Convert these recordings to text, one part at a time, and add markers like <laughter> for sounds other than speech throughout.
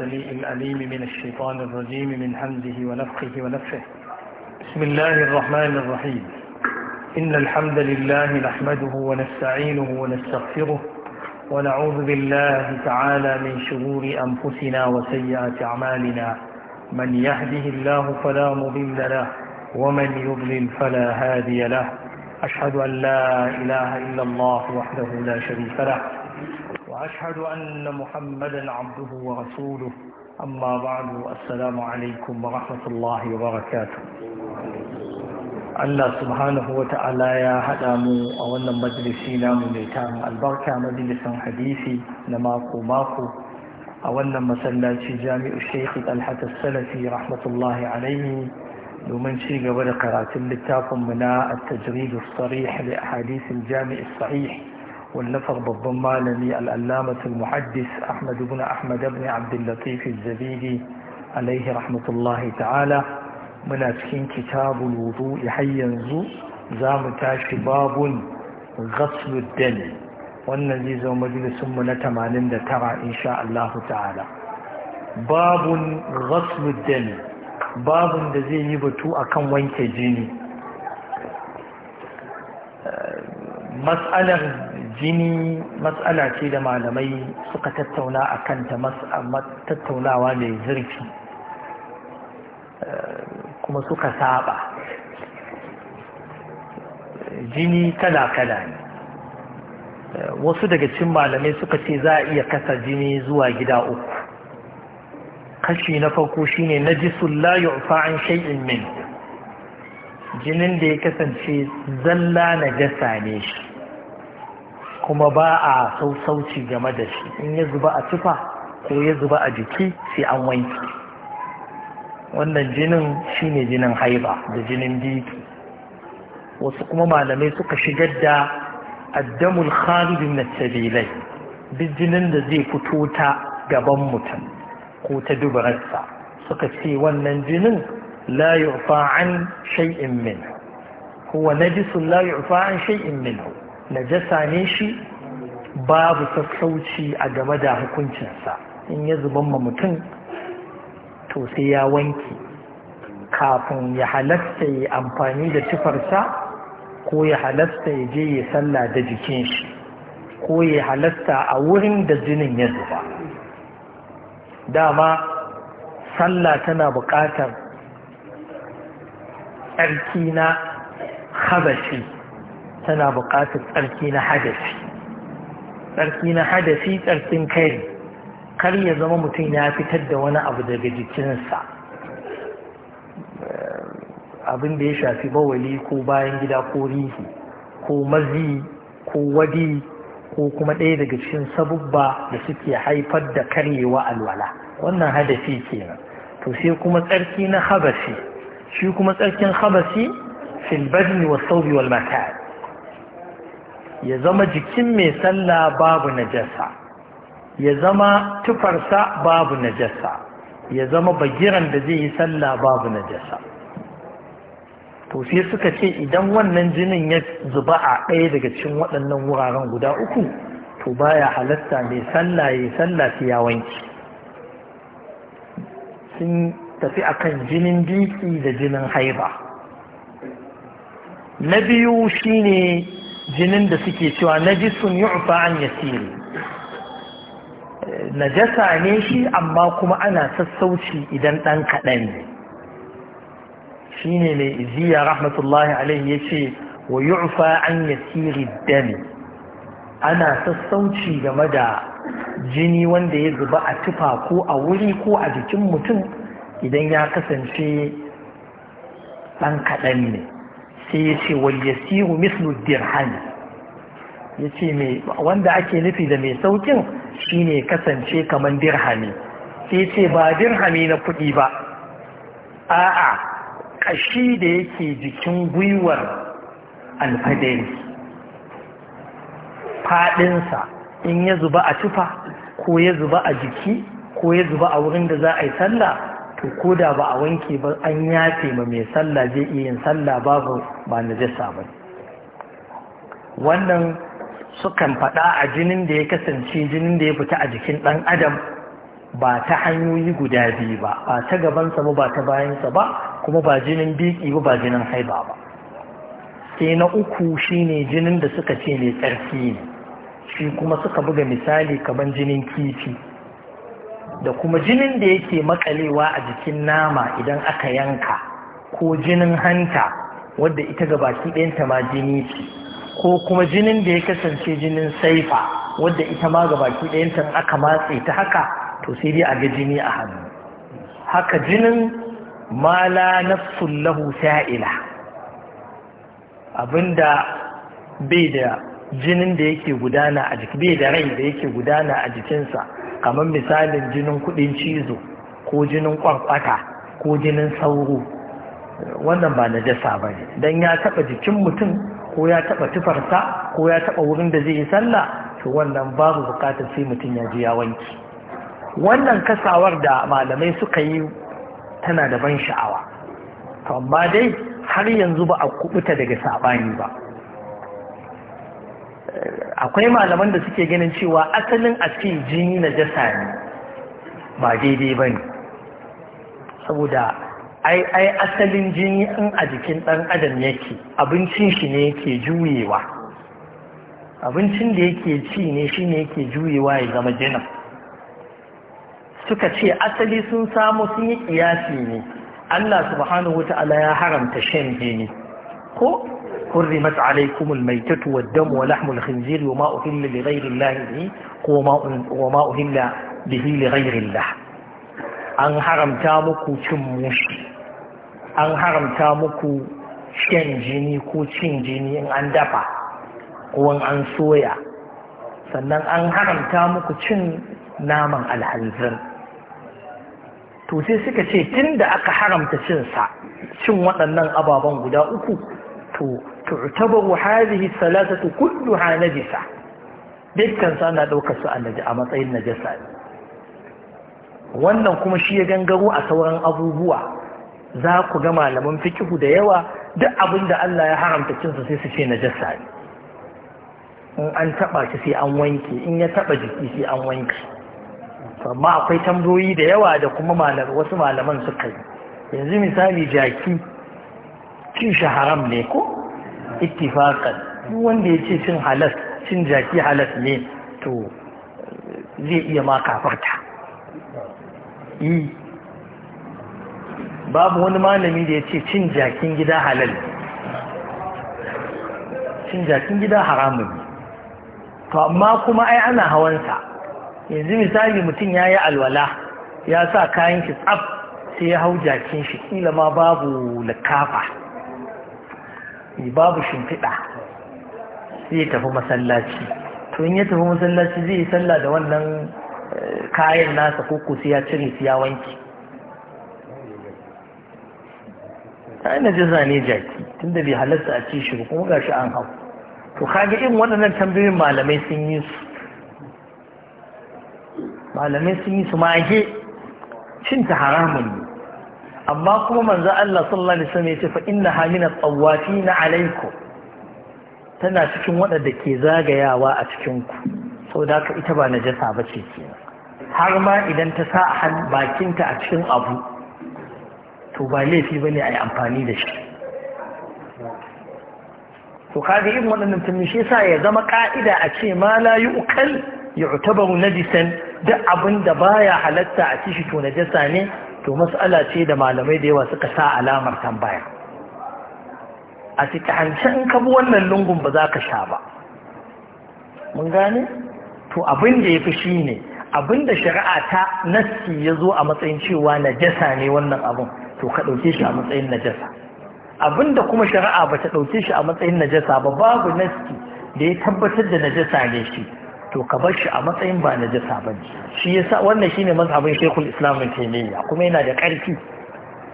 السميع الأليم من الشيطان الرجيم من حمده ونفخه ونفه بسم الله الرحمن الرحيم إن الحمد لله نحمده ونستعينه ونستغفره ونعوذ بالله تعالى من شرور أنفسنا وسيئات أعمالنا من يهده الله فلا مضل له ومن يضلل فلا هادي له أشهد أن لا إله إلا الله وحده لا شريك له وأشهد أن محمدا عبده ورسوله أما بعد السلام عليكم ورحمة الله وبركاته Allah subhanahu wa ta'ala ya haɗa mu a wannan majalisi namu mai tarin albarka majalisan hadisi na mako-mako a wannan masallaci jami'u Sheikh Talhat Salafi rahmatullahi alaihi domin ci gaba da karatun littafin mu na at-tajrid as-sarih li ahadith al-jami' as-sahih واللفظ بالضمالني الألامة المحدث أحمد بن أحمد بن عبد اللطيف الزبيدي عليه رحمة الله تعالى من أسكين كتاب الوضوء حي ينزو زام تاشي باب غسل الدم والنزيز ومجلس من تمانين ترى إن شاء الله تعالى باب غسل الدم باب دزي يبتو أكم وينك جيني مسألة jini matsala ce da malamai suka tattauna a kanta tattaunawa mai zurfi eh, kuma suka saba jini kala-kala ne eh, wasu daga cin malamai suka ce za a iya kasa jini zuwa gida uku kashi na farko shine na ji sulla yi fa'an shai'in min jinin da ya kasance zalla na gasa ne shi kuma ba a sausauci game da shi in ya zuba a tufa ko ya zuba a jiki sai an wanki wannan jinin shine jinin haiba da jinin biki wasu kuma malamai suka shigar da addamul kharij na sabilai duk jinin da zai fito ta gaban mutum ko ta dubararsa suka ce wannan jinin la yu'fa an shay'in min huwa najisun la yu'fa an shay'in minhu najasa ne shi babu sassauci a game da hukuncinsa in ya zuban ma mutum to sai ya wanke kafin ya halasta ya amfani da tufarsa ko ya halasta ya je ya sallah da jikin shi ko ya halasta a wurin da jinin ya zuba dama sallah tana buƙatar tsarki na habashi tana buƙatar tsarki na hadasi tsarki na hadasi tsarkin kai kar ya zama mutum ya fitar da wani abu daga jikinsa abin da ya shafi bawali ko bayan gida ko rihi ko mazi ko wadi ko kuma ɗaya daga cikin sabubba da suke haifar da karyewa alwala wannan hadafi kenan to sai kuma tsarki na habasi shi kuma tsarkin habasi fil badni was saubi ya zama jikin mai sallah babu najasa ya zama tufarsa babu najasa ya zama bagiran da zai yi sallah babu najasa to sai suka ce idan wannan jinin ya zuba a ɗaya daga cikin waɗannan wuraren guda uku to baya halatta mai sallah ya yi sallah sai ya wanke sun tafi akan jinin biki da jinin haiba na biyu shine jinin da suke cewa najisun yu'fa an yasiri najasa ne shi amma kuma ana sassauci idan ɗan kaɗan ne shi ne mai iziya rahmatullahi alaihi ya ce wa yu'fa an yasiri dami ana sassauci game da jini wanda ya zuba a tufa ko a wuri ko a jikin mutum idan ya kasance ɗan kaɗan ne sai ya ce wal yasiru mislu dirham ya ce wanda ake nufi da mai saukin shine kasance kamar dirhami sai ce ba dirhami na kuɗi ba a'a ƙashi da yake jikin gwiwar alfadari faɗinsa in ya zuba a tufa ko ya zuba a jiki ko ya zuba a wurin da za a yi sallah to ko da ba a wanke ba an yafe ma mai sallah zai iya yin sallah babu ba na najasa ba wannan sukan faɗa a jinin da ya kasance jinin da ya fita a jikin ɗan adam ba ta hanyoyi guda biyu ba ba ta gabansa ba ba ta bayansa ba kuma ba jinin biki ba ba jinin haiba ba sai na uku shine jinin da suka ce mai tsarki ne shi kuma suka buga misali kamar jinin kifi da kuma jinin da yake makalewa a jikin nama idan aka yanka ko jinin hanta wadda ita ga baki ɗayanta ma jini ce ko kuma jinin da ya kasance jinin saifa wadda ita ma ga baki ɗayanta aka matse ta haka to sai dai a ga jini a hannu haka jinin mala na lahu sa'ila abinda bai da jinin da yake gudana a jiki bai da rai da yake gudana a jikinsa kamar misalin jinin kudin cizo ko jinin kwankwata ko jinin sauro wannan ba na jasa ba ne don ya taba jikin mutum ko ya taba tufarsa ko ya taba wurin da zai yi sallah to wannan babu bukatar sai mutum ya ji ya wanki wannan kasawar da malamai suka yi tana da ban sha'awa amma dai har yanzu ba a kubuta daga sabani ba akwai malaman da suke ganin cewa asalin a ce jini na jasa ne ba daidai ba ne saboda ai ai asalin jini in a jikin ɗan adam yake abincin shi ne yake juyewa abincin da yake ci ne shi ne yake juyewa ya zama jinin suka ce asali sun samu sun yi kiyasi ne Allah subhanahu wa ta'ala ya haramta shan jini ko حرمت عليكم الميتة والدم ولحم الخنزير وما أهل لغير الله به وما أهل به لغير الله أن حرم تامكو تموش أن حرم تامكو shan jini ko cin jini in an dafa in an soya sannan an haramta muku cin naman alhanzir to sai suka ce tun da aka haramta cinsa cin waɗannan ababen guda uku to تعتبر هذه الثلاثة كلها نجسة dukkan su ana ɗaukar su a matsayin najasa wannan kuma shi ya gangaro a sauran abubuwa za ku ga malaman fikihu da yawa duk abin da Allah ya haramta cinsa sai su ce najasa ne in an taɓa shi sai an wanke in ya taɓa jiki sai an wanke amma akwai tambayoyi da yawa da kuma wasu malaman suka yi yanzu misali jaki cin shi haram ne ko ittifaqan duk wanda ya ce cin halas cin jaki halas ne to eh, zai iya ma kafarta yi babu wani malami da ya ce cin jakin gida halal cin jakin gida haramun ne to amma kuma ai ana hawansa yanzu misali mutum ya yi alwala ya sa kayan shi tsaf sai ya hau jakin shi kila ma babu likafa shimfiɗi babu shimfiɗa sai tafi masallaci to in ya tafi masallaci zai yi sallah da wannan eh, kayan nasa ko ko ya cire su ya wanke ai na ne jaki da bai halarta a ci shi kuma gashi an hau to kage in waɗannan tambayoyin malamai sun yi su malamai sun yi su mage cinta haramun ne amma kuma manzo Allah sallallahu alaihi wasallam yace fa inna hamina tawafina alaikum tana cikin waɗanda ke zagayawa a cikin ku saboda haka ita ba najasa bace kenan har ma idan ta sa han bakinta a cikin abu to ba laifi bane a yi amfani da shi to kaga irin waɗannan tunmi shi yasa ya zama ka'ida a ce ma la yu'kal yu'tabaru najisan duk abin da baya halatta a cikin to najasa ne to matsala ce da malamai da yawa suka sa alamar tambaya a cikin hancin in ka bi wannan lungun ba za ka sha ba mun gane to abin da ya fi shi ne abin da shari'a ta nassi ya zo a matsayin cewa najasa ne wannan abin to ka ɗauke shi a matsayin najasa abin da kuma shari'a ba ta ɗauke shi a matsayin najasa ba babu nassi da ya tabbatar da najasa ne shi to ka bar shi a matsayin ba najasa ba ne shi yasa wannan shine mazhabin Sheikhul Islam Ibn Taymiyyah kuma yana da ƙarfi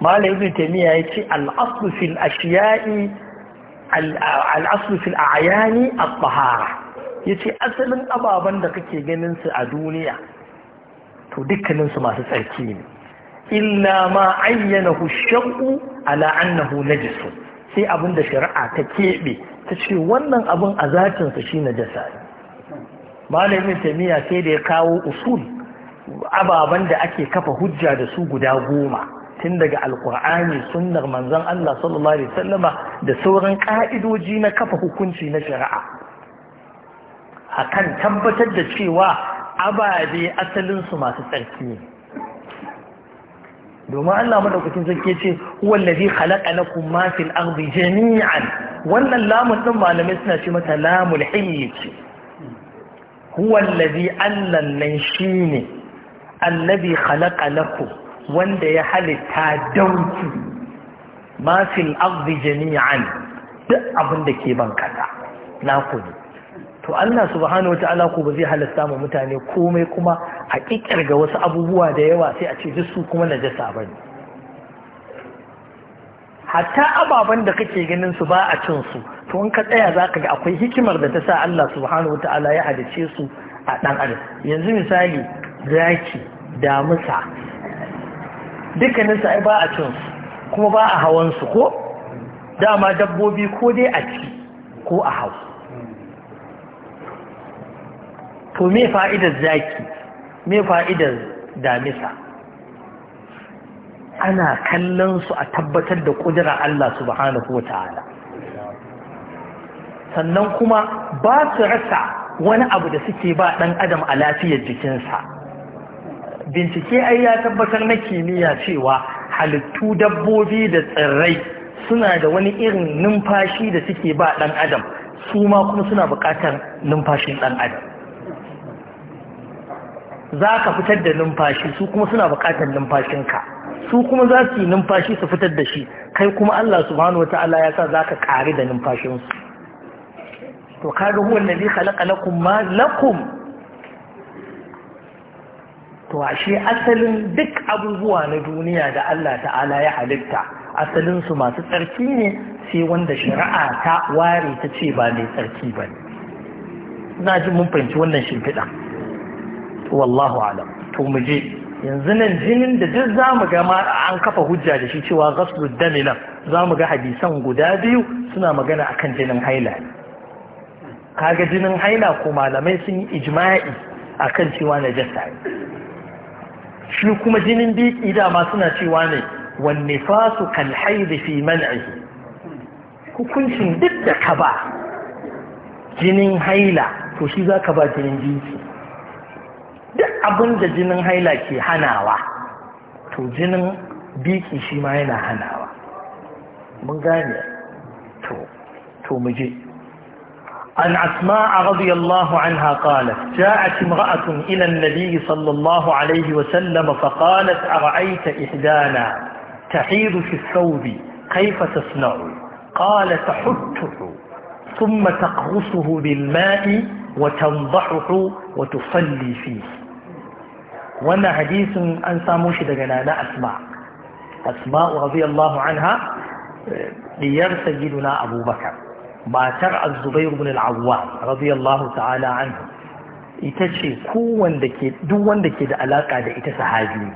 Malam Ibn Taymiyyah yace al-aslu fil ashiya'i al-aslu fil a'yani at-tahara yace asalin ababen da kake ganin su a duniya to dukkanin su masu tsarki ne illa ma ayyanahu shaqu ala annahu najis sai abin da shari'a ta keɓe ta ce wannan abin a zatinsa shi najasa ne malamin tamiya sai da ya kawo usul ababen da ake kafa hujja da su guda goma tun daga alkur'ani sunnar manzon Allah sallallahu alaihi wasallama da sauran ka'idoji na kafa hukunci na shari'a akan tabbatar da cewa ababe asalin su masu tsarki ne domin Allah madaukakin sarki ce wallazi khalaqa lakum ma fil ardi jami'an wannan lamun din malamai suna ce mata lamul hayy huwa allazi allan nan shi shine allazi khalaqa lakum wanda ya halitta dauki ma fil ardi jami'an duk abin da ke ban kasa na ku to Allah subhanahu wata'ala ku ba zai halitta mu mutane komai kuma a ga wasu abubuwa da yawa sai a ce duk su kuma najasa bane hatta ababen da kake ganin su ba a cin su to in ka tsaya za ka ga akwai hikimar da ta sa Allah subhanahu Wata'ala ya halice su a ɗan adam yanzu misali zaki damusa dukkanin su ai ba a cin su kuma ba a hawan su ko dama dabbobi ko dai a ci ko a hau to me fa'idar zaki me fa'idar damisa ana kallon su a tabbatar da kudura Allah subhanahu wa ta'ala sannan kuma ba su rasa wani abu da suke ba ɗan adam a lafiyar jikinsa bincike ai ya tabbatar na kimiyya cewa halittu dabbobi da tsirrai suna da wani irin numfashi da suke ba dan adam su ma kuma suna buƙatar numfashin dan adam za ka fitar da numfashi su kuma suna bukatar numfashinka su kuma za su yi numfashi su fitar da shi kai kuma Allah subhanahu wa ta'ala ya sa za ka ƙari da numfashinsu to kaga huwa allazi khalaqa lakum ma lakum to ashe asalin duk abubuwa na duniya da Allah ta'ala ya halitta asalinsu masu tsarki ne sai wanda shari'a ta ware ta ce ba mai tsarki ba ne na ji mun fahimci wannan shimfiɗa wallahu alam to mu je yanzu nan jinin da duk za mu ga an kafa hujja da shi cewa gaslu dami nan za mu ga hadisan guda biyu suna magana akan jinin haila kaga jinin haila ko malamai sun yi ijma'i akan cewa na jasa shi kuma jinin biki dama suna cewa ne wanne fasu kan haidi fi man'ihi hukuncin duk da ka ba jinin haila to shi za ka ba jinin biki duk abinda da jinin haila ke hanawa to jinin biki shi ma yana hanawa mun gane to to mu je an asma a radiyallahu anha qalat ja'at imra'atun ila an-nabi sallallahu alayhi wa sallam fa qalat ara'ayta ihdana tahidu fi thawbi kayfa tasna'u qalat hutuhu ثم تقرصه بالماء وتنضحه وتصلي فيه wannan hadisin an samo shi daga nana asma asma radiyallahu anha diyar sayyiduna abubakar matar az-zubair ibn al-awwam radiyallahu ta'ala anhu ita ce kowanda ke duk wanda ke da alaka da ita sahabi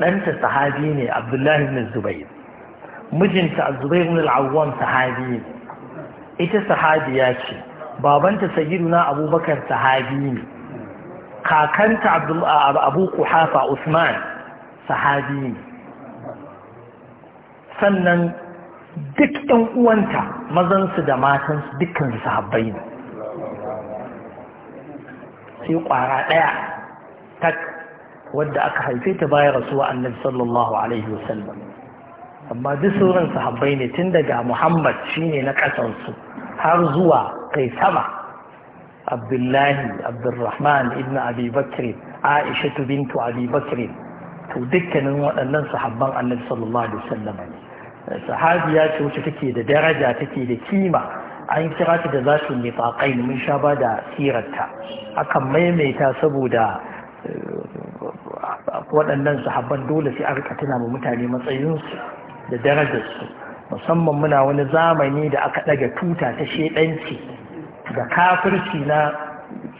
ɗanta sahabi ne abdullahi ibn zubair mijinta az-zubair ibn al-awwam sahabi ita sahabiya ce babanta sayyiduna abubakar sahabi ne kakanta abu kuhafa usman sahabi ne sannan duk ɗan uwanta mazansu da matansu dukkan sahabbai ne sai ƙwara ɗaya tak wadda aka haife ta baya rasuwa annabi sallallahu alaihi wasallam amma duk sauran sahabbai ne tun daga muhammad shine na ƙasansu har zuwa kai sama abdullahi abdulrahman ibn abi bakr aisha bintu abi to dukkanin waɗannan sahabban annabi sallallahu alaihi wasallam ne sahabiya ce wacce take da daraja take da kima an kira ta da zatu faƙai mun sha ba da sirarta akan maimaita saboda eh, waɗannan sahabban dole sai a rika tuna mutane matsayinsu da darajarsu musamman muna wani zamani da aka ɗaga tuta ta shedanci da kafirci na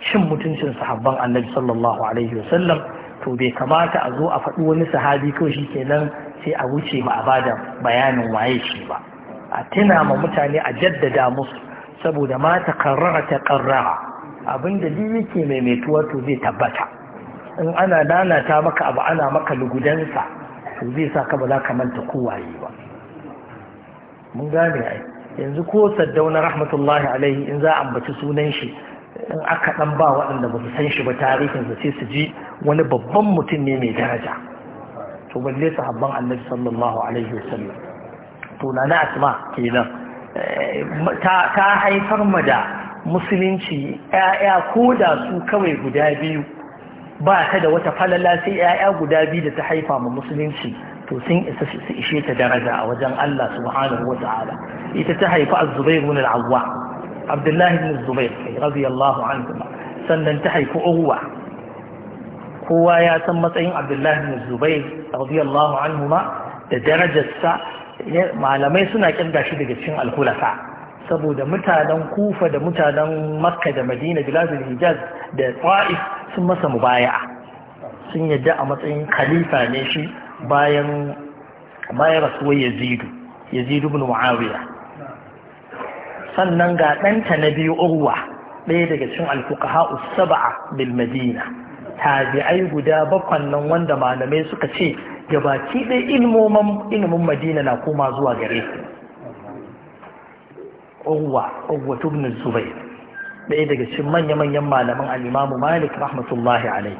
cin mutuncin sahabban annabi sallallahu alaihi wasallam to bai kamata a zo a faɗi wani sahabi kawai shi kenan sai a wuce ba a bada bayanin waye shi ba a tuna ma mutane a jaddada musu saboda ma ta karrara ta karrara abinda duk yake maimaituwa to zai tabbata in ana lalata maka abu ana maka lugudansa to zai sa ka ba za ka manta kowaye ba mun gane ai yanzu ko saddauna rahmatullahi alaihi in za a ambaci sunan shi in aka dan ba waɗanda ba su san shi ba tarihin su sai su ji wani babban mutum ne mai daraja to balle sahabban annabi sallallahu alaihi wasallam to na na asma kenan eh, ta haifar ma da musulunci ƴaƴa ko da su kawai guda biyu ba ta da wata falala sai ƴaƴa guda biyu da ta haifa ma musulunci to sun isa su ishe ta daraja a wajen Allah subhanahu wa ta'ala ita ta haifi az-zubair ibn al-awwa abdullahi ibn zubair radiyallahu anhu sannan ta haifi uwa kowa ya san matsayin abdullahi ibn zubair radiyallahu anhu ma da darajarsa malamai suna kirga shi daga cikin al-khulafa saboda mutanen kufa da mutanen makka da madina biladul hijaz da ta'if sun masa mubaya'a sun yadda a matsayin khalifa ne shi bayan bayan rasuwar yazidu yazidu bin muawiya sannan ga ɗanta na biyu urwa ɗaya daga cikin alfuqaha usaba'a bil madina tabi'ai guda bakwan nan wanda malamai suka ce gabaki ɗaya ilmomin ilimin madina na koma zuwa gare su urwa urwa ibn zubair ɗaya daga cikin manya-manyan malaman al malik rahmatullahi alai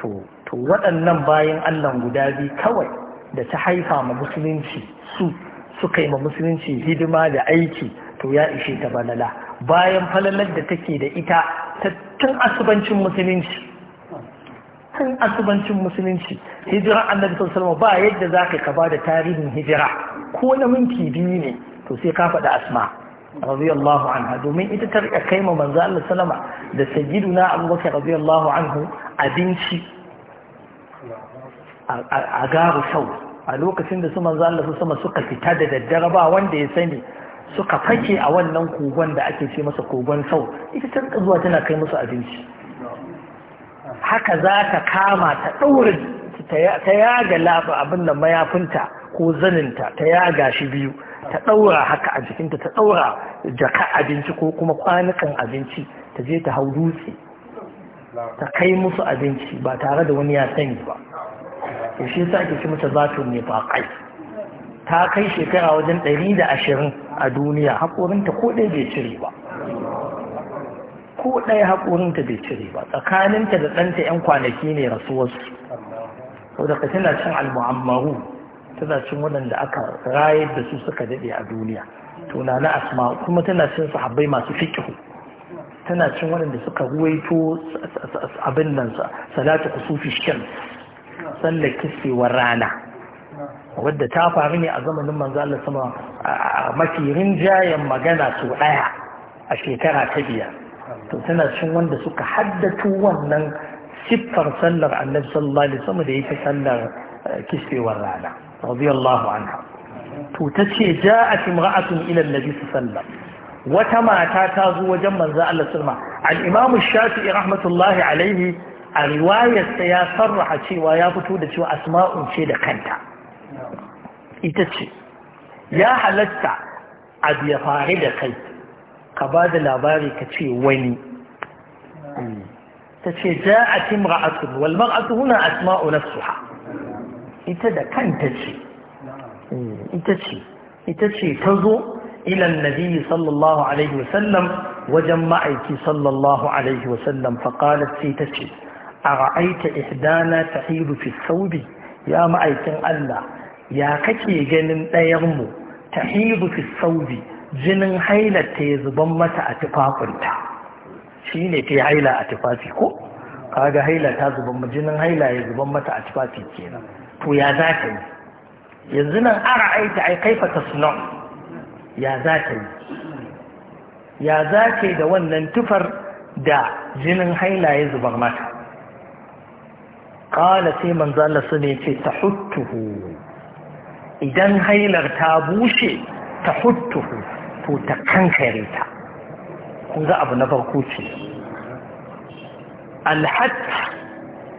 to to waɗannan bayan allah guda biyu kawai da ta haifa ma musulunci su suka yi ma musulunci hidima da aiki to ya ishe ta balala bayan falalar da take da ita tun asubancin musulunci tun asubancin musulunci hijira annabi sallallahu ba yadda zaka ka ba da tarihin hijira ko na minti biyu ne to sai ka faɗi asma radiyallahu anha domin ita ta rika kai ma manzo Allah sallama da sayyiduna Abubakar radiyallahu anhu abinci a garu sau a lokacin da su manzo Allah su sama suka fita da daddare ba wanda ya sani suka fake a wannan kogon da ake ce masa kogon sau ita ta zuwa tana kai musu abinci haka za ta kama ta ɗaure ta yaga labu abin da mayafinta ko zaninta ta yaga shi biyu ta ɗaura haka a jikinta ta ɗaura jaka abinci ko kuma kwanukan abinci ta je ta hau dutse ta kai musu abinci ba tare da wani ya sani ba to shi sa ake ce mata zatun kai ta kai shekara wajen ɗari da ashirin a duniya haƙorinta ko ɗaya bai cire ba ko ɗaya haƙorinta bai cire ba tsakaninta da ɗanta 'yan kwanaki ne rasuwarsu sau da tana cin almu'ammaru tana cin waɗanda aka rayar da su suka daɗe a duniya tuna na asma kuma tana cin sahabbai masu fikihu tana cin waɗanda suka ruwaito abin nan salatu kusufi shams sallar kisewar rana wadda ta faru ne a zamanin manzo Allah sama a mafi rinjayen magana su daya a shekara ta biyar to tana cin wanda suka haddatu wannan siffar sallar annabi sallallahu alaihi wasallam da yake sallar eh, kisewar rana radiyallahu anha to tace ja'at imra'atun ila annabi sallallahu wata mata ta zo wajen manzo Allah sallama al-imam shafi'i rahmatullahi alaihi a riwayarsa ya sarraha cewa ya fito da cewa asma'un ce da kanta ita ce ya halatta abu ya faru da kai ka ba da labari ka ce wani ta ce ja a timra a tun walmar a asma'u na suha ita da kanta ce ita ce ita ce ta zo ilan nabi sallallahu alaihi wasallam wajen ma'aiki sallallahu alaihi wasallam faƙalar sai ta ce a ra'aita ihdana ta fi saudi ya ma'aikin Allah ya kake ganin ɗayarmu ta fi saudi jinin hailarta ya zuban mata a tufafinta shi ne ta yi haila a tufafi ko kaga haila ta zuban jinin haila ya zuban mata a tufafi kenan to ya za ta yi yanzu nan ara aita ai kaifa ta ya za ta yi ya za ta yi da wannan tufar da jinin haila ya zubar mata قال في من ظل سنة تحته اذا هي تابوشي تحته تو تكنكريتا كنزا أبو نفر كوتي الحت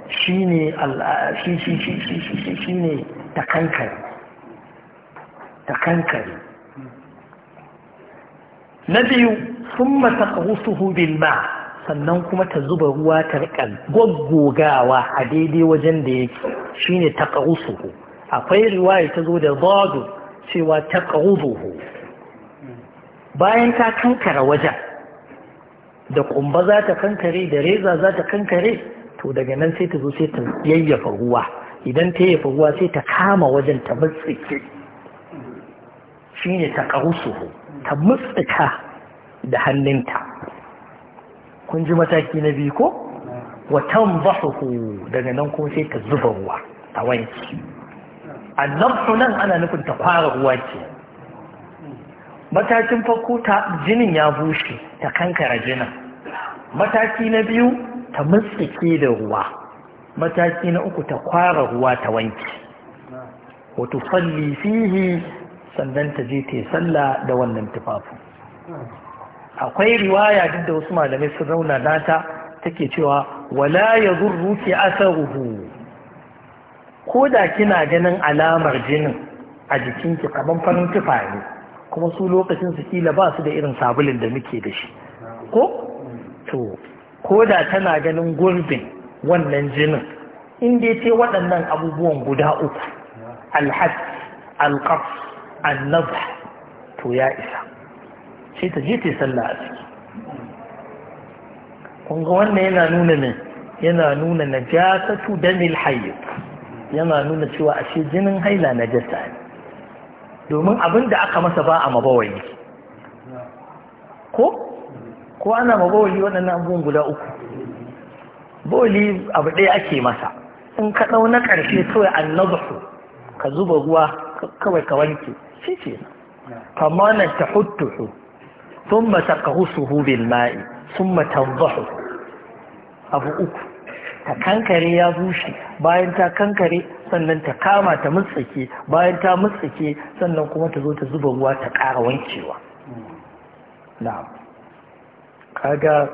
شيني ال... شي شي شي شي شي شي شيني تكنكر تكنكر نبي ثم تقوصه بالماء sannan kuma ta zuba ruwa ta riƙa goggogawa a daidai wajen da yake shine ta ku. akwai riwaya ta zo da zado cewa ta ƙarusuhu bayan ta kankara wajen da ƙumba za ta kankare da reza za ta kankare to daga nan sai ta zo sai ta yayyafa ruwa idan ta yayyafa ruwa sai ta kama wajen ta mutsike shine ta ku, ta mutsika da hannunta kun ji mataki na biyu ko wa tanzahu daga nan kuma sai ka zuba ruwa a wanki annabtu nan ana nufin ta fara ruwa ce matakin farko ta jinin ya bushe ta kankara jinin mataki na biyu ta mutsike da ruwa mataki na uku ta kwara ruwa ta wanki wato falli fihi sannan ta je ta yi sallah da wannan tufafin akwai riwaya duk da wasu malamai sun rauna nata take cewa wala ya zurru ki asaruhu ko da kina ganin alamar jinin a jikinki kaman farin tufa ne kuma su lokacin su kila ba su da irin sabulin da muke da shi ko to ko da tana ganin gurbin wannan jinin in dai ce waɗannan abubuwan guda uku alhaj Alkaf, annab to ya isa sai ta je ta yi sallah a ciki kun yana nuna ne yana nuna na ja tu damil haye. yana nuna cewa ashe jinin haila na jasa ne domin abin da aka masa ba a mabawai ko ko ana mabawai waɗannan abubuwan guda uku boli abu ɗaya ake masa in ka ɗau na ƙarshe kawai annabahu ka zuba ruwa kawai ka wanke shi ce amma ta hutu. Sun ثم تقهسه بالماء ثم تنضحه abu uku ta kankare ya bushe bayan ta kankare sannan ta kama ta mutsake bayan ta mutsake sannan kuma ta zo ta zuba ruwa ta ƙara wankewa na'am kaga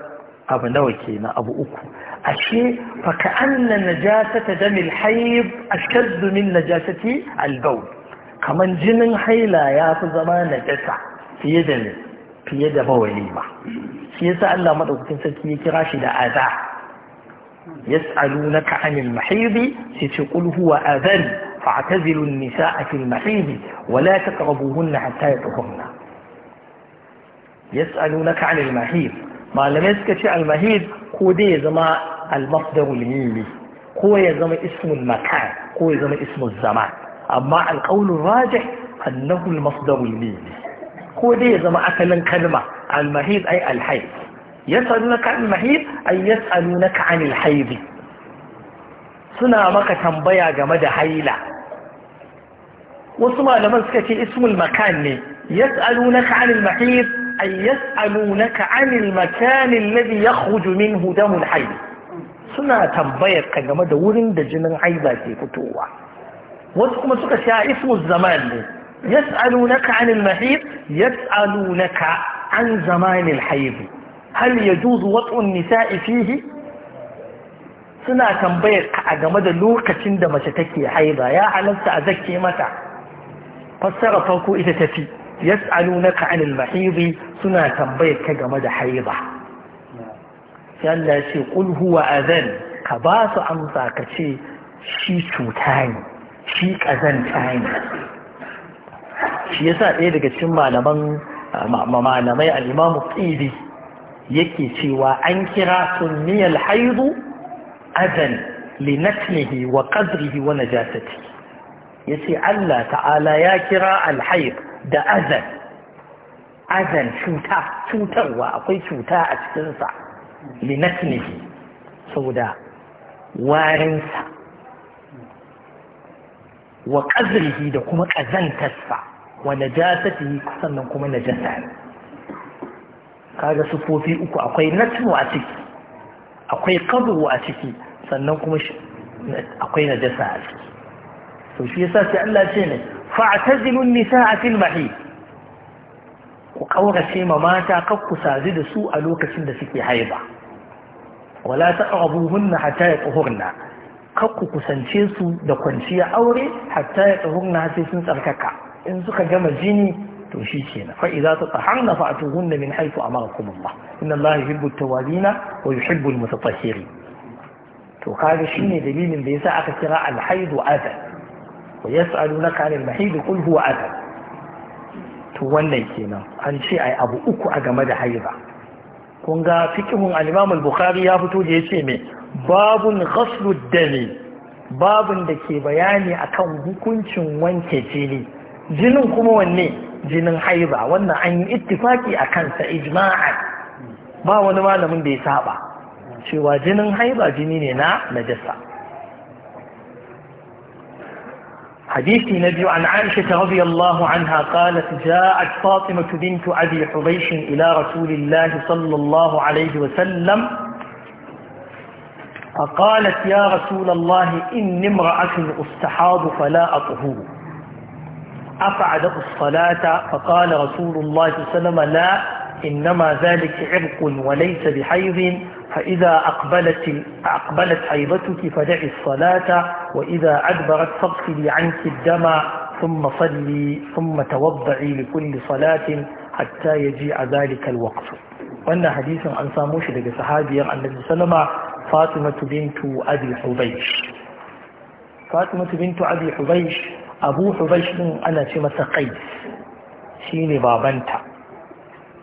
abu nawa kenan abu uku ashe fa ka'anna najasata damil hayd ashaddu min najasati al albau kaman jinin haila ya fi zama najasa fiye da ne fiye da bawali ba shi yasa Allah madaukakin sarki ya kira shi da aza yas'alunaka anil mahidi sai ce qul huwa adhan fa'tazilu an-nisa'a fil mahidi wa la taqrabuhunna hatta yatahunna yas'alunaka anil mahid malamai suka ce al mahid ko dai ya zama al mafdarul mili ko ya zama ismul makan ko ya zama ismul zaman amma al qawlu rajih annahu al mafdarul mili ko dai ya zama asalin kalma almahid ai alhaid yasalunaka almahid ay yasalunaka anil haidi suna maka tambaya game da haila wasu malaman suka ce ismul makan ne yasalunaka anil mahid ay yasalunaka anil makan alladhi yakhruju minhu damul haid suna tambayar ka game da wurin da jinin haiza ke fitowa wasu kuma suka ce ismul zaman ne يسألونك عن المحيض يسألونك عن زمان الحيض هل يجوز وطء النساء فيه سنا تنبيق ع د م عندما تتكي حيضه يا علمت ازكي متى فسر فوكو اذا تفي ي عن المحيض سنا تنبيق ع د م د ا هو أ كباس امسى كشي شي شوتان شي كذن ثاني shi yasa ɗaya daga cikin malaman ah, malamai al-imam tsibi yake cewa an kira sunniyal haidu Azan, li wa qadrihi wa najasati yace Allah ta'ala ya kira al da azan azan cuta cutarwa akwai cuta a cikinsa? sa li naknihi warinsa wa qadrihi da kuma ƙazantarsa ونجاسته كسن لكم النجاسة كاجا صفوفي أكو أكوي نتم وأتك أكوي قبر وأتك سن لكم أكوي نجاسة فشي ساسي ألا شيني فاعتزلوا النساء في المحيط وقورة شيء ما ماتا قبق سازد سوء لوك سند سكي حيضا ولا تقربوهن حتى يطهرن قبق سنشيسو دقنشي أوري حتى يطهرن حتى يطهرن حتى يطهرن in suka gama jini to shi ke na fa'iza ta fa’atu hunna min haifu a mara marakumullah inna Allah yuhibbu tawabina wa masu mutatahiri to kaga ne dalilin da yasa aka kira alhaidu adal wa na 'anil mahaidu qul huwa adal to wannan kenan an ce yi abu uku a game da haiza kun ga fiqhun al-Imam bukhari ya fito da ya ce me babun ghaslu dami babun da ke bayani akan hukuncin wanke jini jinin kuma wanne jinin haiba wannan an yi ittifaki a kansa ijma'a ba wani malamin da ya saba cewa jinin haiba jini ne na najasa حديثي نبي عن عائشة رضي الله عنها قالت جاءت فاطمة بنت أبي حبيش إلى رسول الله صلى الله عليه وسلم فقالت يا رسول الله إني امرأة أستحاض فلا أطهور أقعدت الصلاة فقال رسول الله صلى الله عليه وسلم لا إنما ذلك عرق وليس بحيض فإذا أقبلت, أقبلت حيضتك فدعي الصلاة وإذا أدبرت فاغسلي عنك الدم ثم صلي ثم توضعي لكل صلاة حتى يجيء ذلك الوقت وأن حديث عن ساموش لدى صحابي عن النبي وسلم فاطمة بنت أبي حبيش فاطمة بنت أبي حبيش abu hubash din ana ce masa kai shi ne babanta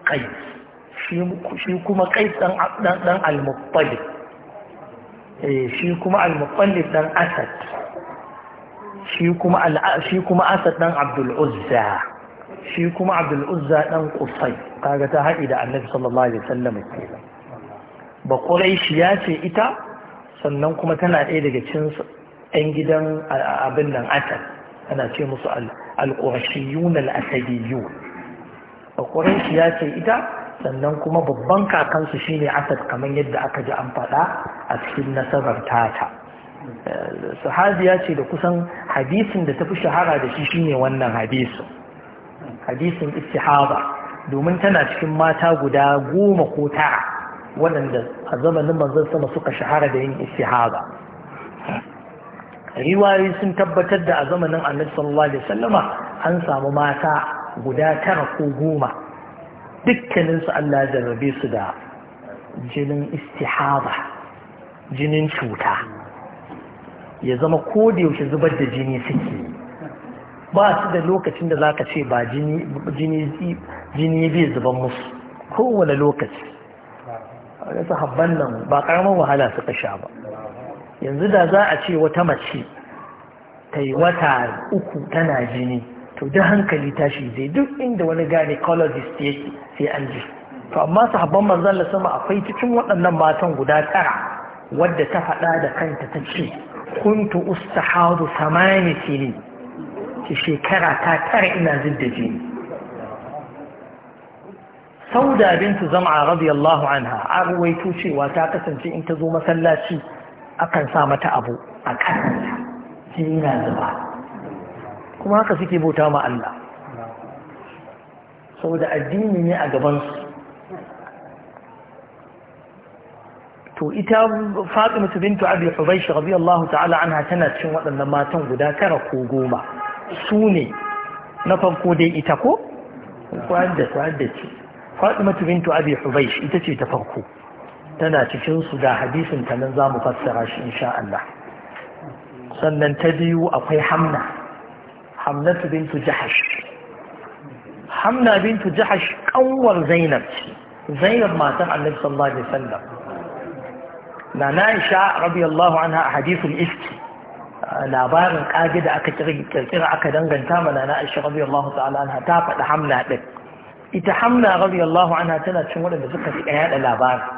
kai shi kuma kai dan dan al-muttalib eh, shi kuma al-muttalib dan asad shi kuma asad dan abdul uzza shi kuma abdul uzza dan qusay kaga ta haɗi da annabi sallallahu alaihi wasallam kenan ba quraishi ya ce ita sannan kuma tana ɗaya daga cikin 'yan gidan abin nan asad ana ce musu al-qurashiyun al-asadiyun ya ce ita sannan kuma babban kakansu shine asad kamar yadda aka ji an faɗa a cikin nasarar tata eh, ya ce da kusan hadisin da tafi shahara da shi shine wannan hadisin hadisin istihaba domin tana cikin mata guda goma ko tara waɗanda a zamanin manzon sama suka shahara da yin istihaba riwayoyi sun tabbatar da a zamanin annabi sallallahu alaihi wasallama an samu mata guda tara ko goma dukkaninsu Allah ya jarrabe su da jinin istihaba jinin cuta ya zama ko da yaushe zubar da jini suke ba su da lokacin da zaka ce ba jini jini jini bai zuban musu kowane lokaci ga sahabban nan ba karamar wahala suka sha ba yanzu da za a ce wata mace ta yi wata uku tana jini to da hankali tashi zai duk inda wani gynecologist yake sai an ji to amma sahaban manzon Allah sama akwai cikin waɗannan matan guda tara wadda ta faɗa da kanta ta ce kuntu ustahadu samani sini ki shekara ta tara ina zidda jini sauda bintu zam'a radiyallahu anha a ruwaito cewa ta kasance in ta zo masallaci akan sa mata abu a ƙasarta shi yana zuba kuma haka suke bauta ma Allah saboda addini ne a gabansu to ita Fatima bintu Abi Hubaysh radiyallahu ta'ala anha tana cin waɗannan matan guda tara ko goma su ne na farko dai ita ko? ko da ce Fatima bintu Abi Hubaysh ita ce ta farko tana cikin su ga hadisin ta nan zamu fassara shi insha Allah sannan ta biyu akwai hamna hamnatu bintu jahash hamna bintu jahash kanwar zainab ce zainab matan annabi sallallahu alaihi wasallam na na'isha radiyallahu anha a hadithul iski labarin kage da aka kirkira aka danganta mana na na'isha radiyallahu ta'ala anha ta faɗi hamna din ita hamna radiyallahu anha tana cin waɗanda suka fi yaɗa labarin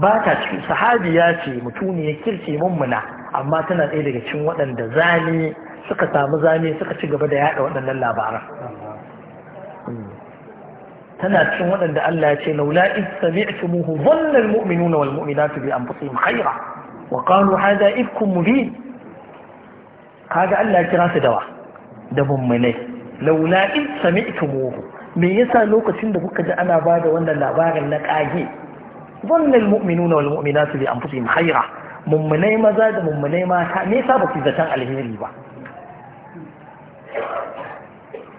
ba ta cikin sahabiya ce mutune ya kirce mummuna amma tana ɗaya daga cikin waɗanda zane suka samu zane suka ci gaba da yaɗa waɗannan labaran tana cikin waɗanda Allah ya ce laula id sami'tumuhu dhanna almu'minuna wal mu'minatu bi anfusihim khayra wa qalu hadha ifkum mubin kaga Allah ya kira su dawa da mummunai laula in id sami'tumuhu me yasa lokacin da kuka ji ana ba da wannan labarin na kage ظن المؤمنون والمؤمنات بأنفسهم خيرا mummunai maza da mummunai mata nesa ba su zaton alheri ba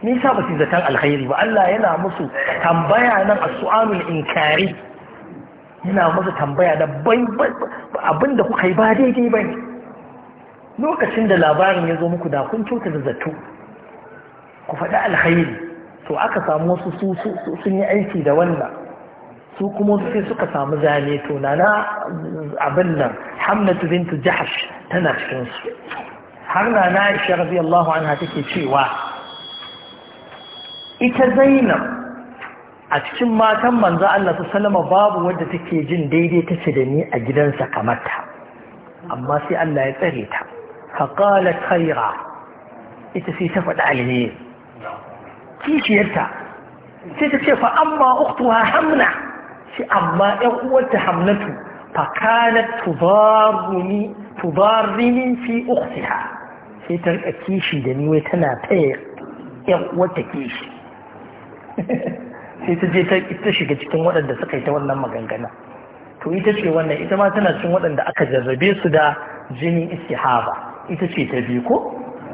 nesa ba su zaton alheri ba Allah yana musu tambaya nan a su'anul inkari yana musu tambaya da abinda kuka yi ba daidai ba ne lokacin da labarin ya zo muku da kun cuta da zato ku faɗi alheri to aka samu wasu sun aiki da wannan su kuma sai suka samu zane to na na abin nan hamnatu bintu jahash tana cikin su har na na aisha Allahu anha take cewa ita zainab a cikin matan manzo Allah su salama babu wadda take jin daidai take da ni a gidansa kamar amma sai Allah ya tsare ta ka qalat kaira ita sai ta faɗa alheri kishiyarta sai ta ce fa amma ukhtuha hamna shi amma ‘yan uwarta hamnatu fakana tubarini fi uksiha sai ta rika kishi da ni wai tana taya ‘yan uwarta kishi <laughs> sai ta je ta shiga cikin waɗanda suka yi ta wannan magangana to ita ce wannan ita ma tana cikin waɗanda aka jarrabe su da jini istihaba ita ce ta biyu ko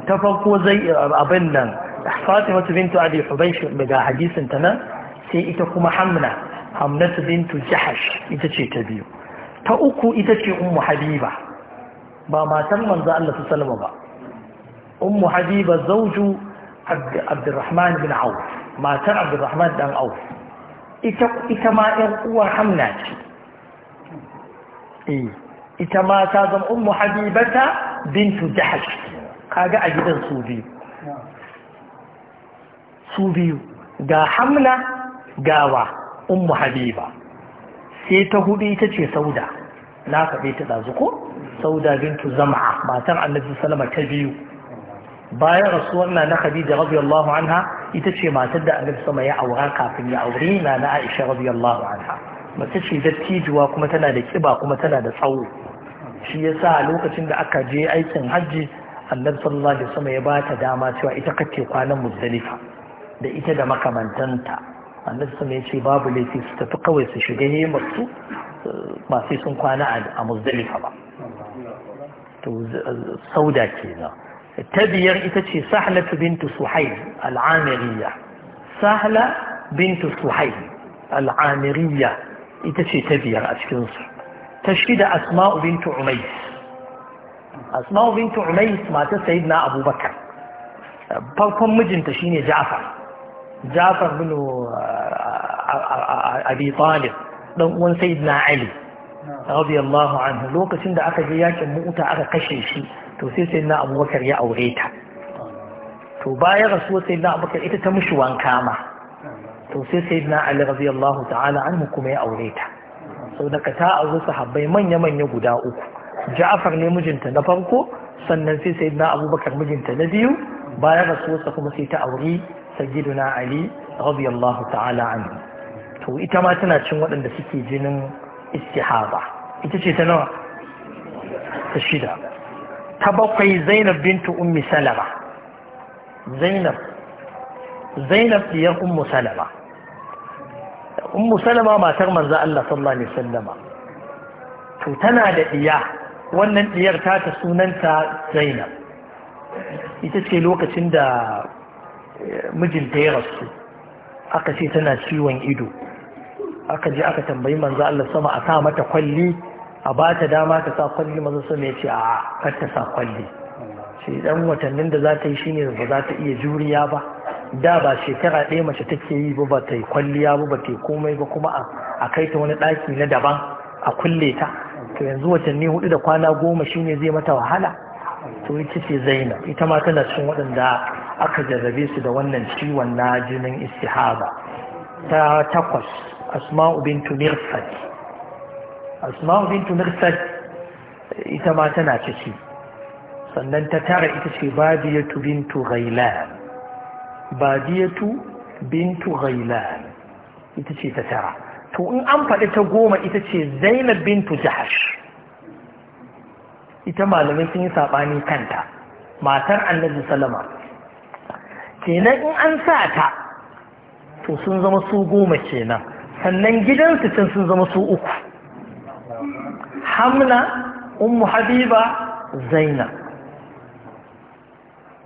ta farko zai abin nan Fatima bintu Abi Hubaysh daga hadisin ta nan sai ita kuma Hamna hamnatu bintu jahash ita ce ta biyu ta uku ita ce ummu habiba ba matan manzo Allah ta salama ba ummu habiba zauju abdurrahman bin auf matar abdurrahman dan auf ita ma ‘yan uwar hamna ce eh, ita ma ta zama ummu habibata bintu jahash kaga a gidan su biyu su biyu ga Hamna gawa ummu habiba sai ta hudu ita ce sauda na kaɓe ta ɗazu ko sauda bintu zama'a matar annabi salama ta biyu bayan rasuwar na na khadija radiyallahu anha ita ce matar da annabi sama ya aura kafin ya aure na na aisha radiyallahu anha mace ce dattijuwa kuma tana da kiba kuma tana da tsawo shi yasa lokacin da aka je aikin hajji annabi sallallahu alaihi wasallam ya bata dama cewa ita kake kwanan muzdalifa da ita da makamantanta annabi sama ya ce babu laifi su tafi kawai su shiga hemar masu ba sun kwana a muzdalifa ba to sauda kenan ta biyar ita ce sahla bintu suhail al'amiriya sahla bintu suhail al'amiriya ita ce ta biyar a cikinsu ta shida asma'u bintu umais asma'u bintu umais mata sayid na abubakar farkon mijinta shine ja'far jafar bin uh, abi talib dan uwan sayyidina ali radiyallahu anhu lokacin da aka je yakin Muta aka kashe shi to sai sayyidina abubakar ya aure ta to bayan rasuwar sayyidina abubakar ita ta mushi wanka ma to sai sayyidina ali radiyallahu ta'ala anhu kuma ya aure ta sau daga ta auri sahabbai manya-manya guda uku Jafar ne mijinta na farko sannan sai sayyidina abubakar mijinta na biyu bayan rasuwarsa kuma sai ta auri sayyiduna ali radiyallahu ta'ala anhu to ita ma tana cin waɗanda suke jinin istihaba ita ce ta nawa ta shida ta bakwai zainab bintu ummi salama zainab zainab diyar ummu salama ummu salama matar manzo Allah sallallahu alaihi wasallama to tana da ɗiya wannan ɗiyar ta ta sunanta zainab ita ce lokacin da mijinta ya rasu aka ce tana ciwon ido aka je aka tambayi manzo Allah sama a sa mata kwalli a ba ta dama ta sa kwalli manzo sama ya ce a kar ta sa kwalli sai dan watannin da za ta yi shine ba za ta iya juriya ba da ba shekara ɗaya mace take yi ba ba ta yi kwalliya ba ba ta yi komai ba kuma a kai ta wani ɗaki na daban a kulle ta to yanzu watanni hudu da kwana goma shine zai mata wahala to ita ce zainab ita ma tana cikin waɗanda aka jarrabe su da wannan ciwon na jinin istihaba ta takwas asma'u bintu mirsad asma'u bintu mirsad ita ma tana ciki sannan ta tara ita ce badiyatu bintu ghailan badiyatu bintu ghailan ita ce ta tara to in an faɗi ta goma ita ce zainab bintu jahash ita malamai sun yi saɓani kanta matar annabi salama kenan in an sa ta to sun zama su goma kenan sannan gidansu can sun zama su uku hamna ummu habiba zaina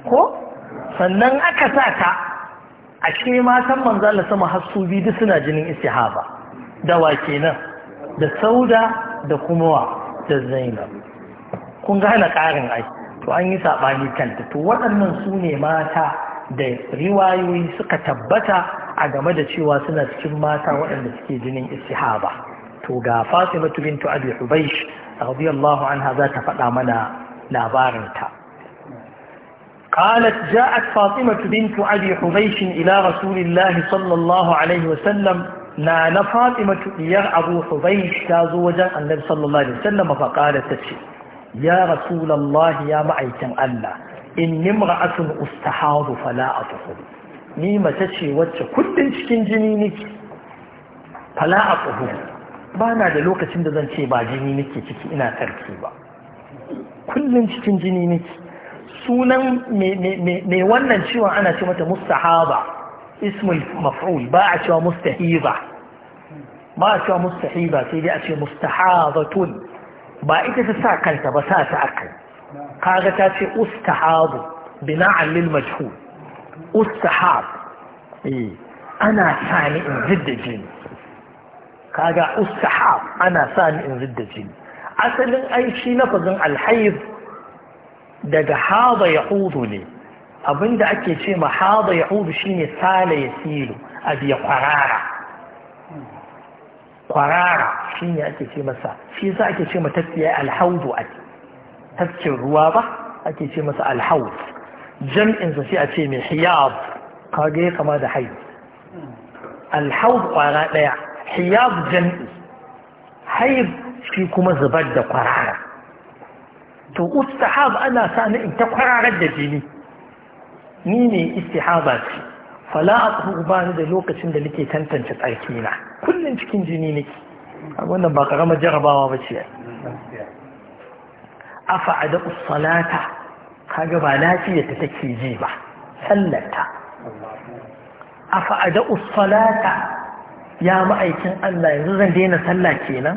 ko sannan aka sa ta a cikin matan manzala sama har su biyu suna jinin istihaba da wa kenan da sauda da kuma wa da zainab kun gane karin ai to an yi sabani kanta to waɗannan su ne mata da riwayoyi suka tabbata a game da cewa suna cikin mata waɗanda suke jinin istihaba to ga fatimatu bintu abi hubaish radiyallahu anha za ta faɗa mana labarinta قالت جاءت فاطمة بنت أبي حبيش إلى رسول الله صلى الله عليه وسلم نانا فاطمة إيار أبو حبيش تازو النبي صلى الله عليه وسلم فقالت يا رسول الله يا معيتم الله in nimra'atun ustaharu fala atuhur ni mace ce wacce kullun cikin jini nake fala atuhur ba na da lokacin da zan ce ba jini nake ciki ina tarki ba kullun cikin jini nake sunan mai wannan ciwon ana ce mata mustahaba ismul maf'ul ba a cewa mustahiba ba a cewa mustahiba sai dai a ce mustahabatun ba ita ta sa kanta ba sa ta akai قاعدة تاتي استحاب بناء للمجهول استحاب إيه؟ انا ثاني ضد الجن قاعدة استحاب انا ثاني ضد الجن اصل اي شيء نفذ الحيض دقا حاضة يعودني ابن دا اكي شيء ما حاضة يعود شيني سالة يسيلو ابي قرارة قرارة شيني اكي شيء مسا شيء اكي شيء ما تسيئ الحوض اكي tafkin ruwa ba ake ce masa alhaus jam'in sa sai a ce mai hiyab kage ya kama da haid alhaus kwara daya hiyab jam'i haid shi kuma zubar da kwarara to ustahab ana sani in ta kwararar da jini ni ne istihaba ce fala a ba ni da lokacin da nake tantance tsarki na kullum cikin jini nake wannan ba karamar jarabawa ba ce afa ada salata kaga ba lafiyar ta take ji ba sallata afa ada salata ya ma'aikin Allah yanzu zan daina sallah kenan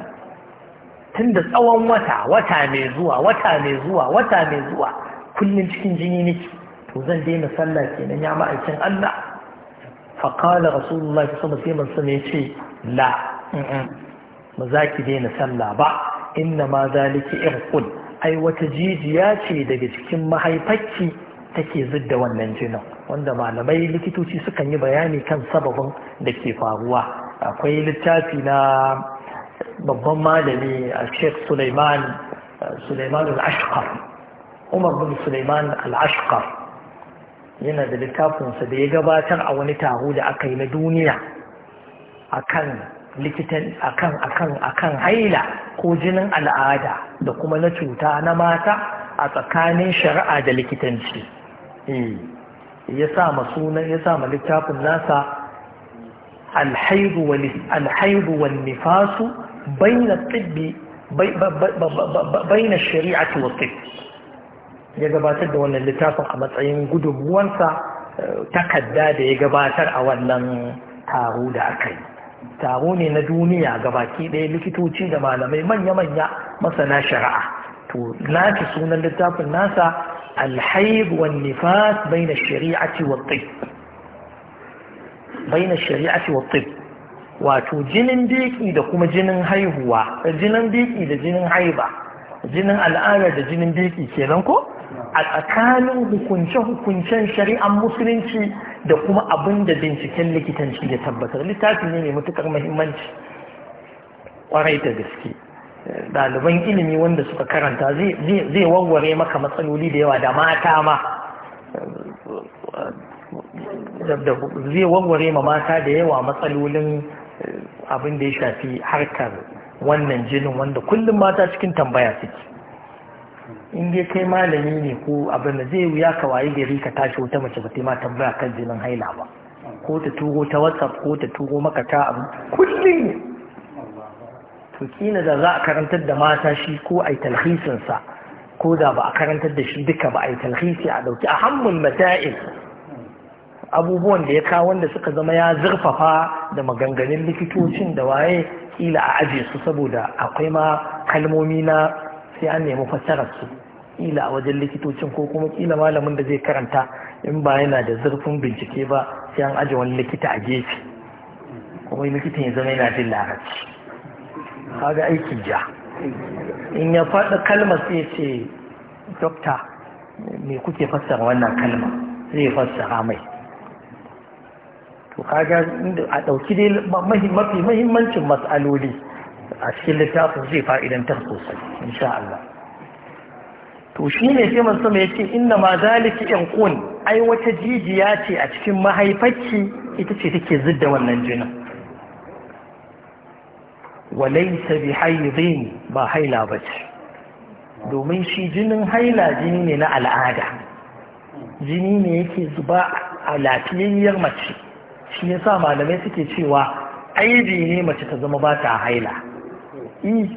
tun da tsawon wata wata mai zuwa wata mai zuwa wata mai zuwa kullum cikin jini nake to zan daina sallah kenan ya ma'aikin Allah faƙala rasulullahi sama sai man sama ya ce la ba za ki daina sallah ba inna ma zaliki irqun ai wata jijiya ce daga cikin mahaifarki take zidda wannan jinin wanda malamai likitoci sukan yi bayani kan sababin da ke faruwa akwai littafi na babban malami a sheikh suleiman suleiman al-ashqar umar bin suleiman al-ashqar yana da littafinsa da ya gabatar a wani taro da aka yi na duniya akan likitan akan akan akan haila ko jinin al'ada da kuma na cuta na mata a tsakanin shari'a da likitanci hmm. ya sa ma sunan ya sa ma littafin nasa alhaibu wal nifasu baina tibbi baina wa ya gabatar da wannan littafin a matsayin gudunmuwansa eh, takarda da ya gabatar a wannan taro da aka yi taro ne na duniya ga baki ɗaya likitoci da malamai manya-manya masana shari'a to naci sunan littafin nasa alhaib wa nifas baina shari'ati wa tib baina shari'ati wa tib wato jinin biki da kuma jinin haihuwa jinin biki da jinin haiba jinin al'ada da jinin biki kenan ko a tsakanin hukunce-hukuncen shari'ar musulunci da kuma abin da binciken likitanci ya tabbatar Littafin ne mai matukar mahimmanci kwarai da gaske ɗaliban ilimi wanda suka karanta zai warware maka matsaloli da yawa da mata ma zai warware ma mata da yawa matsalolin eh, abin da ya shafi harkar wannan jinin wanda kullum mata cikin tambaya suke in dai kai malami ne ko abin da zai wuya ka waye gari ka tashi wata mace ba ta ma tambaya kan jinin haila ba ko ta tugo ta whatsapp ko ta tugo maka ta abu kullum ne to kina da za a karantar da mata shi ko a yi talhisin ko da ba a karantar da shi duka ba a yi talhisi a dauki ahammul mata'in abubuwan da ya kawo wanda suka zama ya zurfafa da maganganun likitocin da waye kila a aje su saboda akwai ma kalmomi na sai an nemi fassarar su kila a wajen likitocin ko kuma kila malamin da zai karanta in ba yana da zurfin bincike ba sai an aje wani likita a gefe kuma likitan ya zama yana jin larabci kaga aiki ja in ya faɗi kalmar sai ce dokta me kuke fassara wannan kalma zai fassara mai to kaga a ɗauki dai mafi mahimmancin matsaloli a cikin littafin zai fa'idantar sosai insha Allah to shi ne sai masu sama ya ce inna ma zalika yan kun ai wata jijiya ce a cikin mahaifarki ita ce take zidda wannan jinin walaisa bi haidin ba haila ba ce domin shi jinin haila jini ne na al'ada jini ne yake zuba a lafiyayyar mace shi yasa malamai suke cewa aibi ne mace ta zama ba ta haila yi e.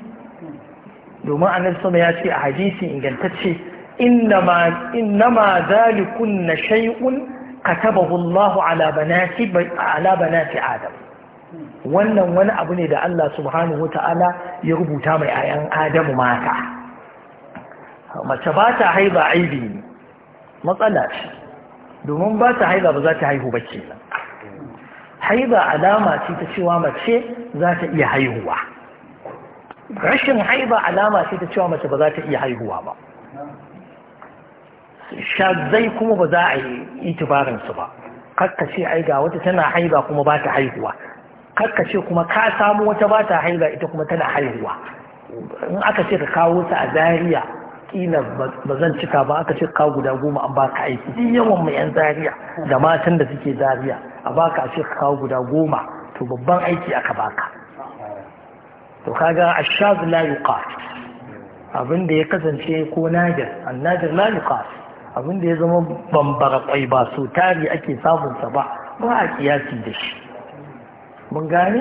domin annabi sama ya ce a hadisi ingantacce innama innama zalikun na shay'un katabahu ala banati adam wannan wani abu ne da Allah subhanahu wata'ala ya rubuta mai ayan adamu mata mace ba ta haiba aibi ne matsala ce domin ba ta haiba ba za ta haihu ba kenan haiba alama ce ta cewa mace za ta iya haihuwa rashin haiba alama ce ta cewa mace ba za ta iya haihuwa ba shazai kuma ba za a yi itibaransu ba kakkace ai ga wata tana haiba kuma ba ta haihuwa kakkace kuma ka samu wata ba ta haiba ita kuma tana haihuwa in aka ce ka kawo ta a zariya kila ba zan cika ba aka ce ka guda goma an baka aiki din yawan mai yan zariya da matan da suke zariya a baka a ce ka kawo guda goma to babban aiki aka baka to kaga ashaz la yuqas abin da ya kasance ko nadir annadir la yuqas abin da ya zama bambara kwai ba su tari ake samun sa ba ba a kiyasi da shi mun gane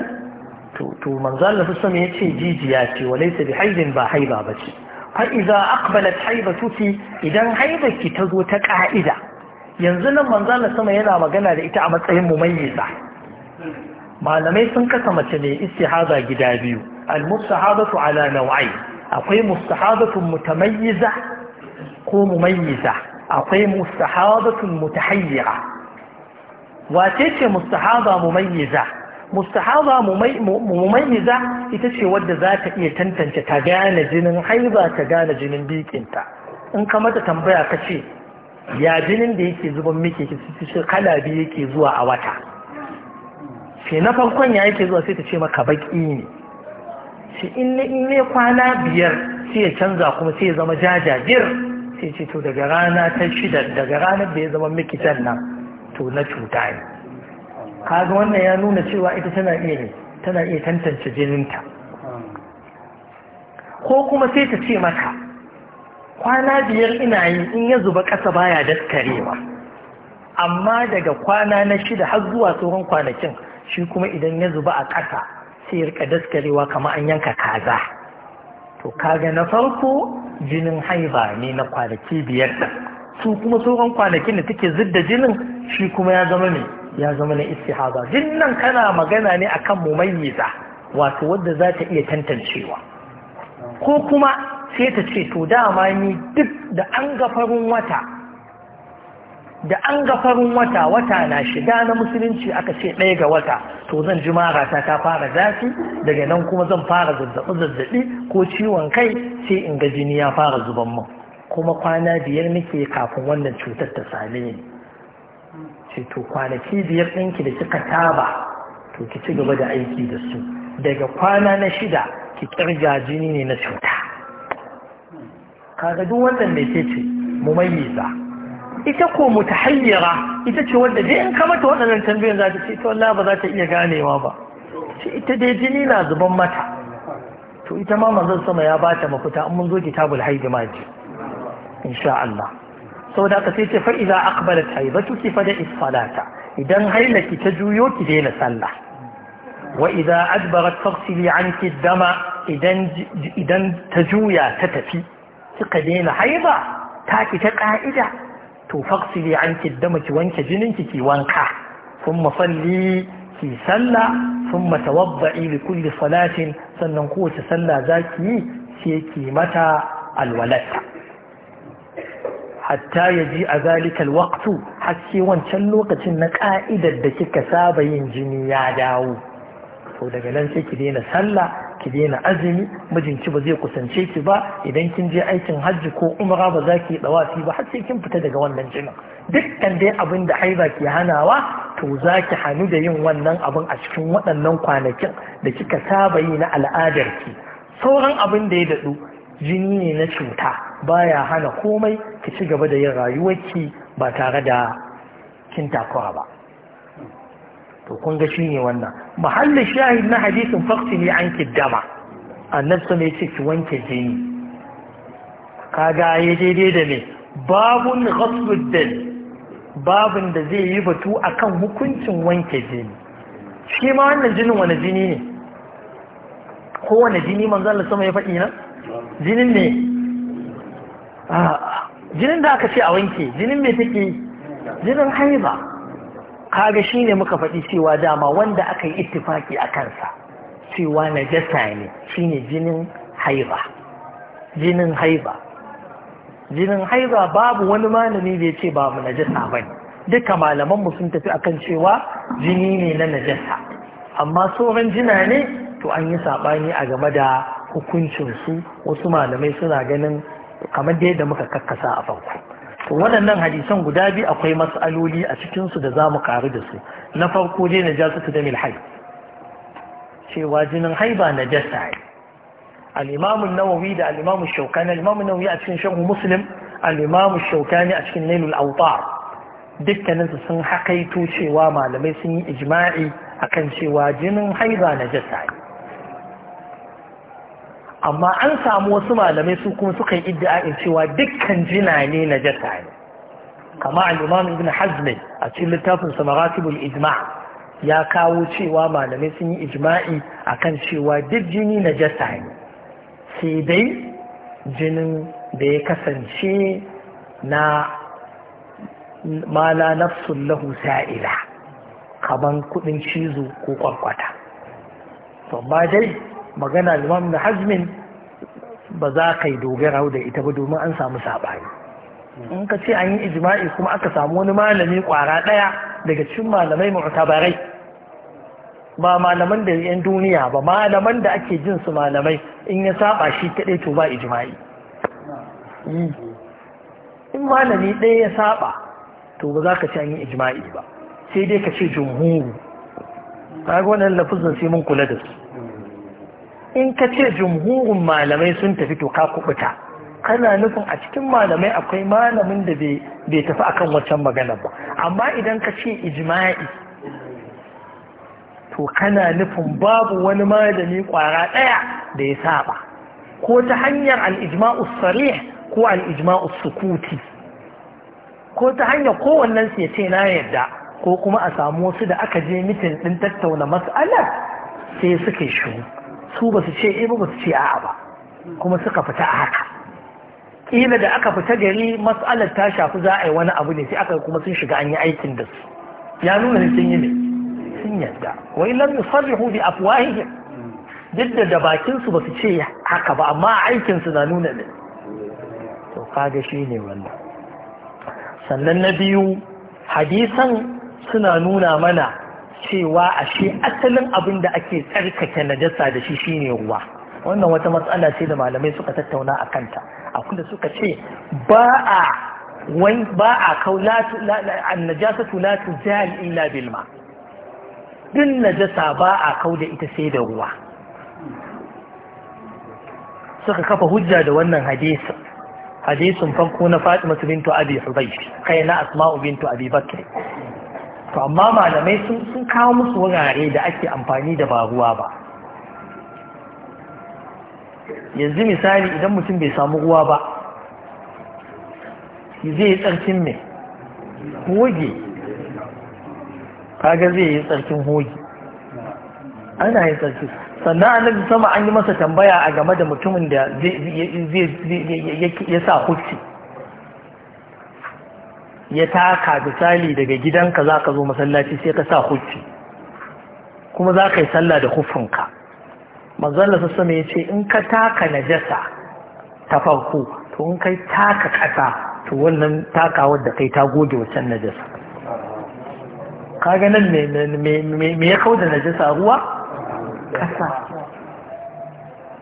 to to manzo Allah sallallahu alaihi yace jijiya ce walaysa bi haidin ba haiba bace fa idza aqbalat haibatuki idan haibaki ta zo ta ka'ida yanzu nan manzo Allah sama yana magana da ita a matsayin mumayyiza malamai sun kasa mace ne istihaza gida biyu al-mustahabatu ala naw'ai akwai mustahabatun mutamayyiza ko mumayyiza akwai mustahabatun mutahayyira wace ce mustahaba mumayyiza mustahaba mumayyiza ita ce wadda za ta iya tantance ta gane jinin haiza ta gane jinin bikinta in ka mata tambaya ka ce ya jinin da yake zuban miki ki kala biyu yake zuwa a wata Sai na farkon ya yake zuwa sai ta ce maka baki ne shi in ne kwana biyar sai ya canza kuma sai ya zama jajajir sai ce to daga rana ta shida daga ranar da ya zama mikitan nan to na cuta ne kaga wannan ya nuna cewa ita tana iya ne tana iya tantance jininta ko kuma sai ta ce mata kwana biyar ina yi in ya zuba ƙasa baya daskarewa amma daga kwana na shida har zuwa tsohon kwanakin shi kuma idan ya zuba a ƙasa sai ya rika daskarewa kamar an yanka kaza to kaga na farko jinin haiba ne na kwanaki biyar ɗin su kuma sauran kwanakin da take da jinin shi kuma ya zama ne ya zama na istihaba nan kana magana ne akan mu nisa wato wadda za ta iya tantancewa ko kuma sai ta ce to dama ni duk da an ga farin wata da an ga farin wata wata na shiga na musulunci aka ce ɗaya ga wata to zan ji marata ta fara zafi daga nan kuma zan fara zazzaɓi zazzaɓi ko ciwon kai sai in ga jini ya fara zuban mun. kuma kwana biyar nake kafin wannan cutar ta same ni ce to kwanaki biyar ɗinki da kika taba to ki ci gaba da aiki da su daga kwana na shida ki kirga jini ne na cuta kaga duk wannan da ke ce mu mayyaza ita ko mutahayyira ita ce wadda dai in ka mata waɗannan tambayoyin za ta ce ta wallahi ba za ta iya ganewa ba ce ita dai jini na zuban mata to ita ma manzon sama ya bata mafita an mun zo kitabul haidi ma ji insha Allah saboda haka sai ce fa idza aqbalat haidatuki fa da salata idan ki ta juyo ki daina sallah wa idza adbarat faghsili anki dama idan idan ta juya ta tafi kika daina haiba ta ki ta ka'ida to faksili an kiddama ki wanke jinin ki ki wanka sun masalli ki sallah sun matawabba'i li kulli salatin sannan kowace sallah za ki yi sai ki mata alwalatta hatta ya ji a zalikal waktu haske wancan lokacin na ka'idar da kika saba yin jini ya dawo to daga nan sai ki daina sallah ki daina azumi mijinki ba zai kusance ki ba idan kin je aikin hajji ko umra ba za ki dawafi ba har sai kin fita daga wannan jinin dukkan dai abin da haiba ke hanawa to za ki hannu da yin wannan abin a cikin waɗannan kwanakin da kika saba yi na al'adar ki. sauran abin da ya daɗu jini ne na cuta baya hana komai ki ci gaba da yin rayuwarki ba tare da kin takura ba to kun ga shine wannan mahallin shahid na hadisin ne an kiddama dama sai ya ce ki wanke jini kaga ya daidai da me babun ghasbud dal babun da zai yi batu akan hukuncin wanke jini shi ma wannan jinin wani jini ne kowane jini manzan da sama ya faɗi nan jinin ne ah, jinin da aka ce a wanke jinin mai take jinin haiba kaga shi ne muka faɗi cewa dama wanda aka yi ittifaki a kansa cewa na ne shi ne jinin haiba jinin haiba jinin haiba babu wani malami da ya ce babu najasa ba ne duka malamanmu sun tafi akan cewa jini ne na najasa amma sauran jina ne to an yi saɓani a game da hukuncinsu wasu malamai suna ganin kamar da yadda muka kakkasa a farko waɗannan hadisan guda biyu akwai mas'aloli a cikinsu da za mu karu da su na farko dai na ta da milhai cewa jinin haiba na jasa ne al'imamun nawawi da al'imamun shaukani al'imamun nawawi a cikin shan muslim al'imamun shaukani a cikin nailul autar dukkaninsu sun haƙaito cewa malamai sun yi ijma'i akan cewa jinin haiba na jasa ne amma an samu wasu malamai su kuma suka yi in cewa dukkan jina ne na jasa ne kama al'imam ibn hazmi a cikin littafin samaratibul ijma ya kawo cewa malamai sun yi ijma'i kan cewa duk jini na jasa ne sai dai jinin da ya kasance na mala nafsun lahu sa'ila kaman kudin cizo ko kwarkwata to dai magana limam na hazmin ba za ka yi dogara da ita ba domin an samu saɓani in ka ce an yi ijma'i kuma aka samu wani malami kwara ɗaya daga cikin malamai mu'tabarai ba malaman da yan duniya ba malaman da ake jin su malamai in ya saba shi kaɗai to ba ijma'i in malami ɗaya ya saba to ba za ka ce an yi ijma'i ba sai dai ka ce jumhuru ga wannan lafuzin sai mun kula da su in ka ce jumhurin malamai sun tafi to ka kubuta kana nufin a cikin malamai akwai malamin da bai tafi akan waccan magana ba amma idan ka ce ijma'i to kana nufin babu wani malami kwara ɗaya da ya saba ko ta hanyar al'ijma'u sarih ko al'ijma'u sukuti ko ta hanyar kowannen su ya ce na yadda ko kuma a samu wasu da aka je mitin ɗin tattauna mas'alar sai suka yi shuru su ba su ce ibu eh ba su ce a'a ba kuma suka fita a haka ƙila da aka fita gari matsalar ta shafi za a yi wani abu ne sai aka kuma sun shiga an yi aikin da su ya nuna ne sun yi ne sun yadda wa illam yusarrihu bi afwahihim duk da bakin su ba su ce haka ba amma aikin su na nuna ne to kaga shi ne wannan sannan na biyu hadisan suna nuna mana cewa ashe asalin abin da ake tsarkake najasa da shi shine ruwa wannan wata matsala ce da malamai suka tattauna a kanta akwai da suka ce ba a wai ba a kau najasatu la tujal illa bil ma din najasa ba a kau da ita sai da ruwa suka kafa hujja da wannan hadisin hadisin farko na Fatima bintu Abi Hubaysh kai na Asma'u bintu Abi Bakr to amma malamai sun kawo musu wurare da ake amfani da ba ruwa ba yanzu misali idan mutum bai samu ruwa ba zai yi tsarkin mai hoge kaga zai yi tsarkin hoge ana yin tsarki sannan annabi sama an yi masa tambaya a game da mutumin da ya sa hukci ya taka misali daga gidanka za ka zo masallaci sai ka sa hufi kuma za ka yi sallah da hufinka manzalla sassama ya ce in ka taka najasa ta farko to in kai taka ƙasa to wannan takawar da kai ta goge wacan najasa ka me ya kau da najasa ruwa ƙasa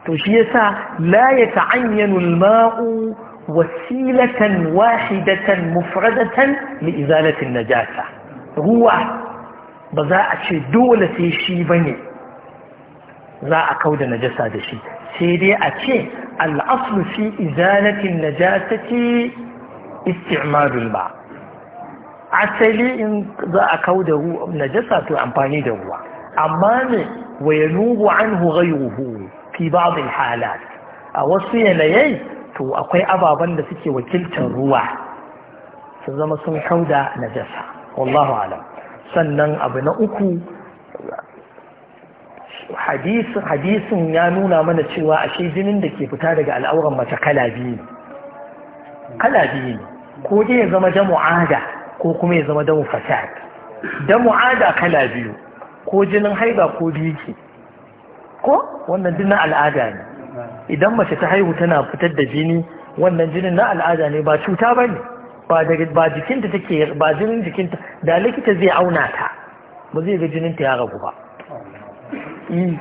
to shi sa la ya ta'ayyanu mau وسيلة واحدة مفردة لإزالة النجاسة هو بزاء شي دولة شي بني زاء كود نجاسة شي سيدي أتي الأصل في إزالة النجاسة استعمال الماء عسلي إن زاء كود نجاسة أمباني دولة أمان وينوب عنه غيره في بعض الحالات أوصي لي to akwai ababen da suke wakiltar ruwa su zama sun hau da najasa wallahu alam sannan abu na uku hadisin ya nuna mana cewa ashe jinin da ke fita daga al'auran mace kala biyu kala biyu ko ya zama damu ada ko kuma ya zama damu fasad damu ada kala biyu ko jinin haiba ko biki ko wannan jinin al'ada ne idan mace ta haihu tana fitar da jini wannan jinin na al'ada ne ba cuta ba ne ba jikinta take ba jinin jikinta da likita zai auna ta ba zai ga jininta ya ragu ba eh,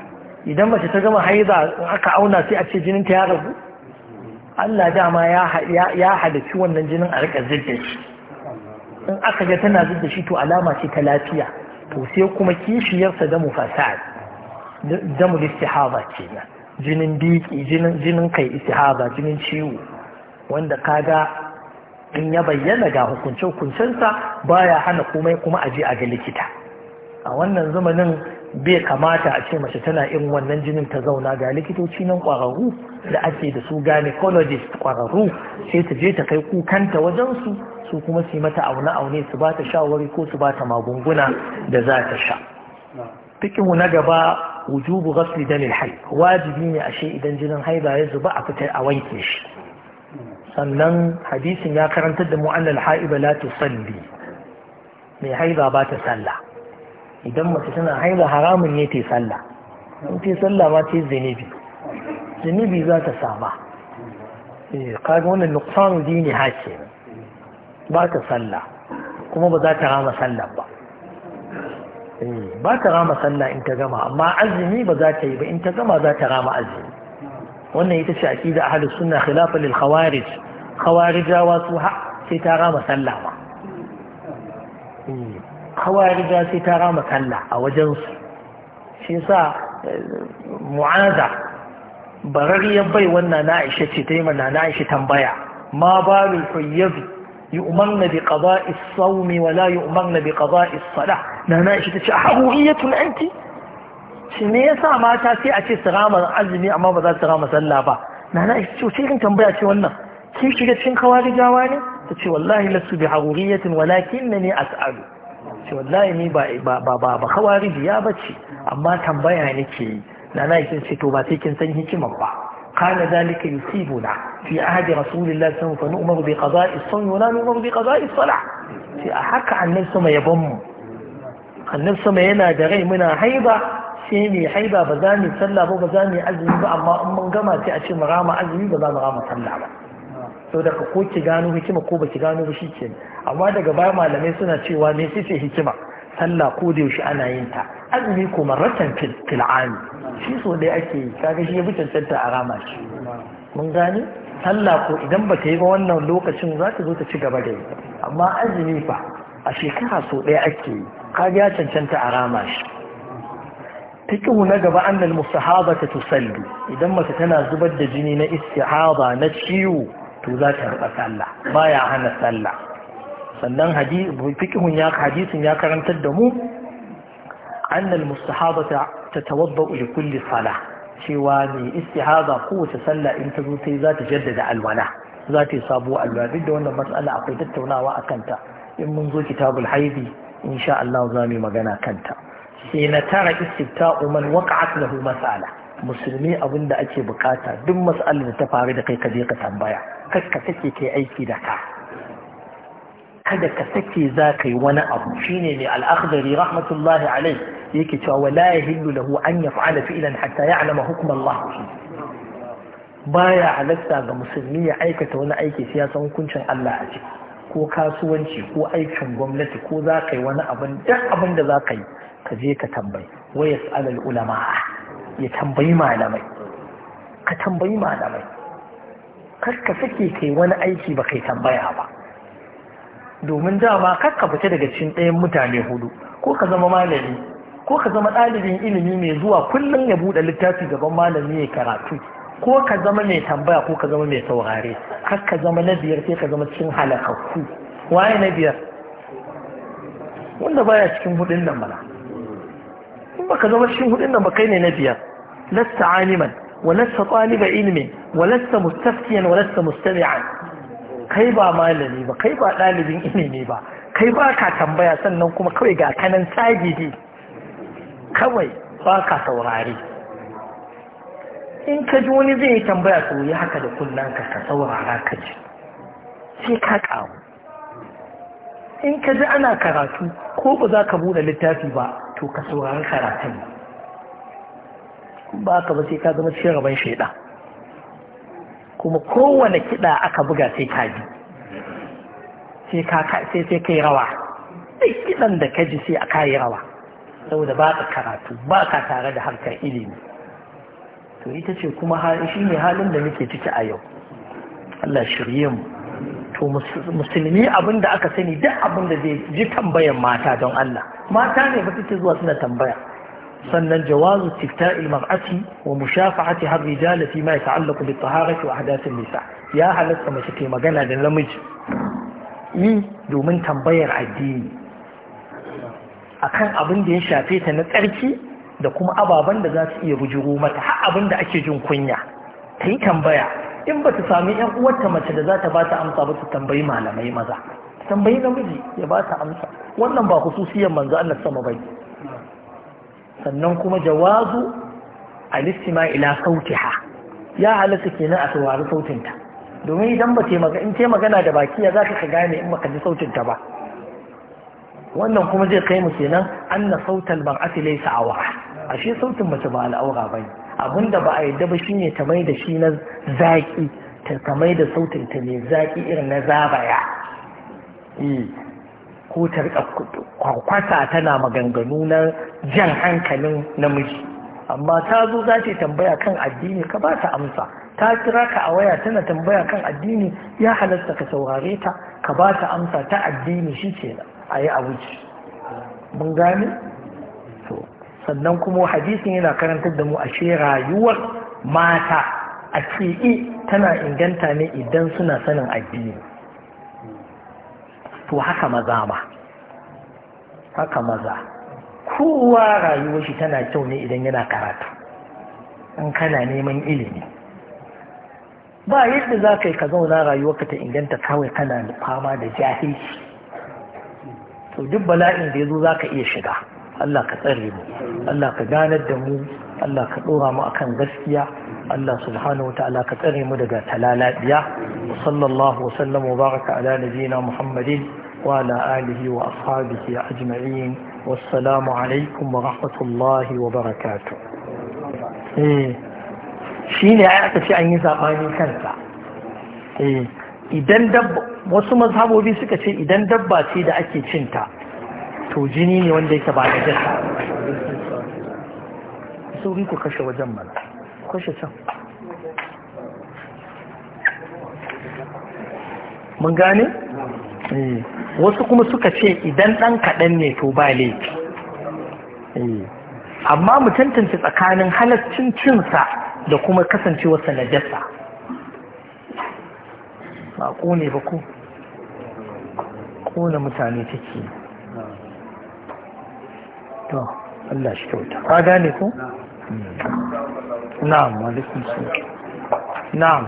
idan mace ta gama haiza aka auna sai a ce jininta ya ragu Allah dama ya halarci wannan jinin a rika zidda shi in aka ga tana zidda shi to alama ce ta lafiya to sai kuma kishiyarsa da mu fasad da mu listihaba kenan jinin biki jinin kai istihaba jinin ciwo wanda kaga in ya bayyana ga hukunce-hukuncensa baya hana komai kuma aje a ga likita a wannan zamanin bai kamata a ce mace tana irin wannan jinin ta zauna ga likitoci nan kwararru da ake da su gynecologist kwararru sai ta je ta kai kukanta wajen su su kuma su mata aune aune su ba ta shawari ko su ba ta magunguna da za ta sha fikihu na gaba wujubu ghasli damil hay wajibi ne ashe idan jinin haida ya zuba a fita a wanke shi sannan hadisin ya karantar da mu'allal ha'iba la tusalli mai haida ba ta salla. idan mace tana haida haramun ne ta salla. in ta salla ma ta zinibi zinibi za ta saba eh, kaga wannan nuqsanu dini hake ba ta sallah kuma ba za ta rama sallar ba ba ta rama sallah in ta gama amma azumi ba za ta yi ba in ta gama za ta rama azumi wannan ita ce aqida ahlus sunna khilafa lil khawarij khawarijawa su ha sai ta rama sallah ma hmm. khawarija sai ta rama sallah a wajen su shi yasa eh, mu'aza barariyar bai wannan na Aisha ce ta yi mana na Aisha tambaya ma balul fayyabi yu'marna bi qada'i as-sawmi wa la bi qada'i as-salah nana ishi ta ce a haruriyatul anti shi ne ya sa mata sai a ce su rama azumi amma ba za su rama sallah ba nana ishi ce ce irin tambaya ce wannan kin shiga cikin kawarijawa ne ta ce wallahi lasu bi haruriyatin walakin na ne as'alu ce wallahi ni ba ba ba ba kawarijiya ba ce amma tambaya nake yi nana ishi ce to ba sai kin san hikiman ba قال ذلك يصيبنا في عهد رسول الله صلى الله عليه وسلم فنؤمر بقضاء الصوم ونؤمر بقضاء الصلاة في أحق عن نفسه ما يبم annabi sama yana da rai muna haiba sai mai haiba ba za mu sallah ba ba za mu azumi ba amma in mun gama sai a ce mu rama azumi ba za mu rama sallah ba to daga ko ki gano hikima ko baki gano ba shike amma daga baya malamai suna cewa me sai hikima sallah ko da yaushe ana yin ta azumi ko marratan fil an shi so dai ake yi kaga shi ya bi tantanta a rama shi mun gane sallah ko idan ba yi ba wannan lokacin za ta zo ta ci gaba da yi amma azumi fa a shekara so ɗaya ake yi kaga ya cancanta a rama shi fiqhu na gaba annal mustahabata tusallu idan mace tana zubar da jini na istihaba na ciwo to za ta rika sallah baya hana sallah sannan fiqhun ya hadisin ya karantar da mu annal mustahabata tatawadda li kulli salah cewa mai istihaba kowace sallah in ta zo ta za ta jaddada alwala za ta yi sabuwar alwala duk da wannan matsala akwai tattaunawa a kanta in mun zo kitabul haidi insha Allah za mu magana kanta sai na tara istifta'u man waqa'at lahu mas'ala musulmi abinda da ake bukata duk mas'alar da ta faru da kai ka je ka tambaya kar ka take kai aiki da ka kada ka take za kai wani abu shine mai al'akhdari rahmatullahi alai yake cewa wala yahillu lahu an yaf'ala fi'lan hatta ya'lama hukm Allah fihi baya halatta ga musulmi ya aikata wani aiki sai ya san hukuncin Allah a ciki ko kasuwanci ko aikin gwamnati ko za ka yi wani abin duk abin da za ka yi ka je ka tambayi waya alal ulama ya tambayi malamai ka tambayi malamai kar ka sake kai wani aiki ba kai tambaya ba domin dama kar ka fita daga cikin ɗayan mutane hudu ko ka zama malami ko ka zama ɗalibin ilimi mai zuwa kullum ya buɗe littafi gaban malami ya karatu ko ka zama mai tambaya ko ka zama mai saurare har ka zama na biyar sai ka zama cikin halakakku waye na biyar wanda baya cikin hudun nan bala in ka zama cikin hudun nan ba kai ne na biyar lasta aliman wa lasta taliba ilmi wa lasta mustafiyan wa lasta mustami'an kai ba malami ba kai ba dalibin ilimi ba kai ba ka tambaya sannan kuma kawai ga kanan sagidi kawai ba ka saurare in ka ji wani zai tambaya su yi haka da kullum ka ka saurara ka ji sai ka kawo in ka ji ana karatu ko ba za ka buɗe littafi ba to ka saurara karatun ba ka ba sai ka zama cikin rabon shaida kuma kowane kiɗa aka buga sai ka ji sai sai kai rawa sai kiɗan da ka ji sai a kayi rawa saboda ba ka karatu ba ka tare da harkar ilimi to ita ce kuma shi ne halin da muke ciki a yau Allah shirye mu to musulmi abin da aka sani duk abin da zai ji tambayan mata don Allah mata ne ba suke zuwa suna tambaya sannan jawazu tifta'il mar'ati wa mushafa'ati har rijal fi ma yata'allaqu bi taharati wa ahdathin nisa ya halatta mace ta magana da namiji yi domin tambayar addini akan abin da ya shafe ta na tsarki da kuma ababen da za su iya bujiro mata har abin da ake jin kunya ta yi tambaya in ba ta sami yan uwarta mace da za ta ba ta amsa ba ta tambayi malamai maza tambayi namiji ya ba ta amsa wannan ba hususiyar manzo Allah sama bai sannan kuma jawazu alistima ila sautiha ya halatta kenan a saurari sautinta domin idan ba in yi magana da baki ya za ka gane in ka ji sautinta ba wannan kuma zai kai mu kenan anna sautal mar'ati laysa awra ashe sautin mace ba al'aura Abun abinda ba a yadda ba shine ta mai da shi na zaki ta mai da sautin ta ne zaƙi irin na zabaya eh, ko ta kwakwata tana maganganu na jan hankalin namiji amma ta zo za ta tambaya kan addini ka ba ta amsa ta kira ka a waya tana tambaya kan addini ya halarta ka saurare ta ka ba ta amsa ta addini shi kenan a yi a wuce mun gane sannan kuma hadisin yana karantar da mu a ce rayuwar mata a ce tana inganta ne idan suna sanin addini to haka maza ma haka maza kowa rayuwar shi tana kyau ne idan yana karatu in kana neman ilimi ba yadda za ka yi ka zauna rayuwarka ta inganta kawai kana fama da jahilci to duk bala'in da ya zo za ka iya shiga Allah ka tsare mu Allah ka ganar da mu Allah ka ɗora mu akan gaskiya Allah subhanahu wa ta'ala ka tsare mu daga talalabiya wa sallallahu wa sallam wa baraka ala nabiyyina Muhammadin wa ala alihi wa ashabihi ajma'in wassalamu alaikum wa rahmatullahi wa barakatuh eh shine ai aka ce an yi sabani kansa eh idan dabba wasu mazhabobi suka ce idan dabba ce da ake cinta to jini ne wanda yake ba da jasa sauri ku kashe wajen mana kashe can mun gane? Eh. wasu kuma suka ce idan ɗan kaɗan ne to ba laifi eh. amma mu tantance tsakanin halaccin cinsa da kuma kasancewarsa na jasa ba ƙone ba ko ƙone mutane take to Allah shi kyauta ka gane ko na'am alaikum salam na'am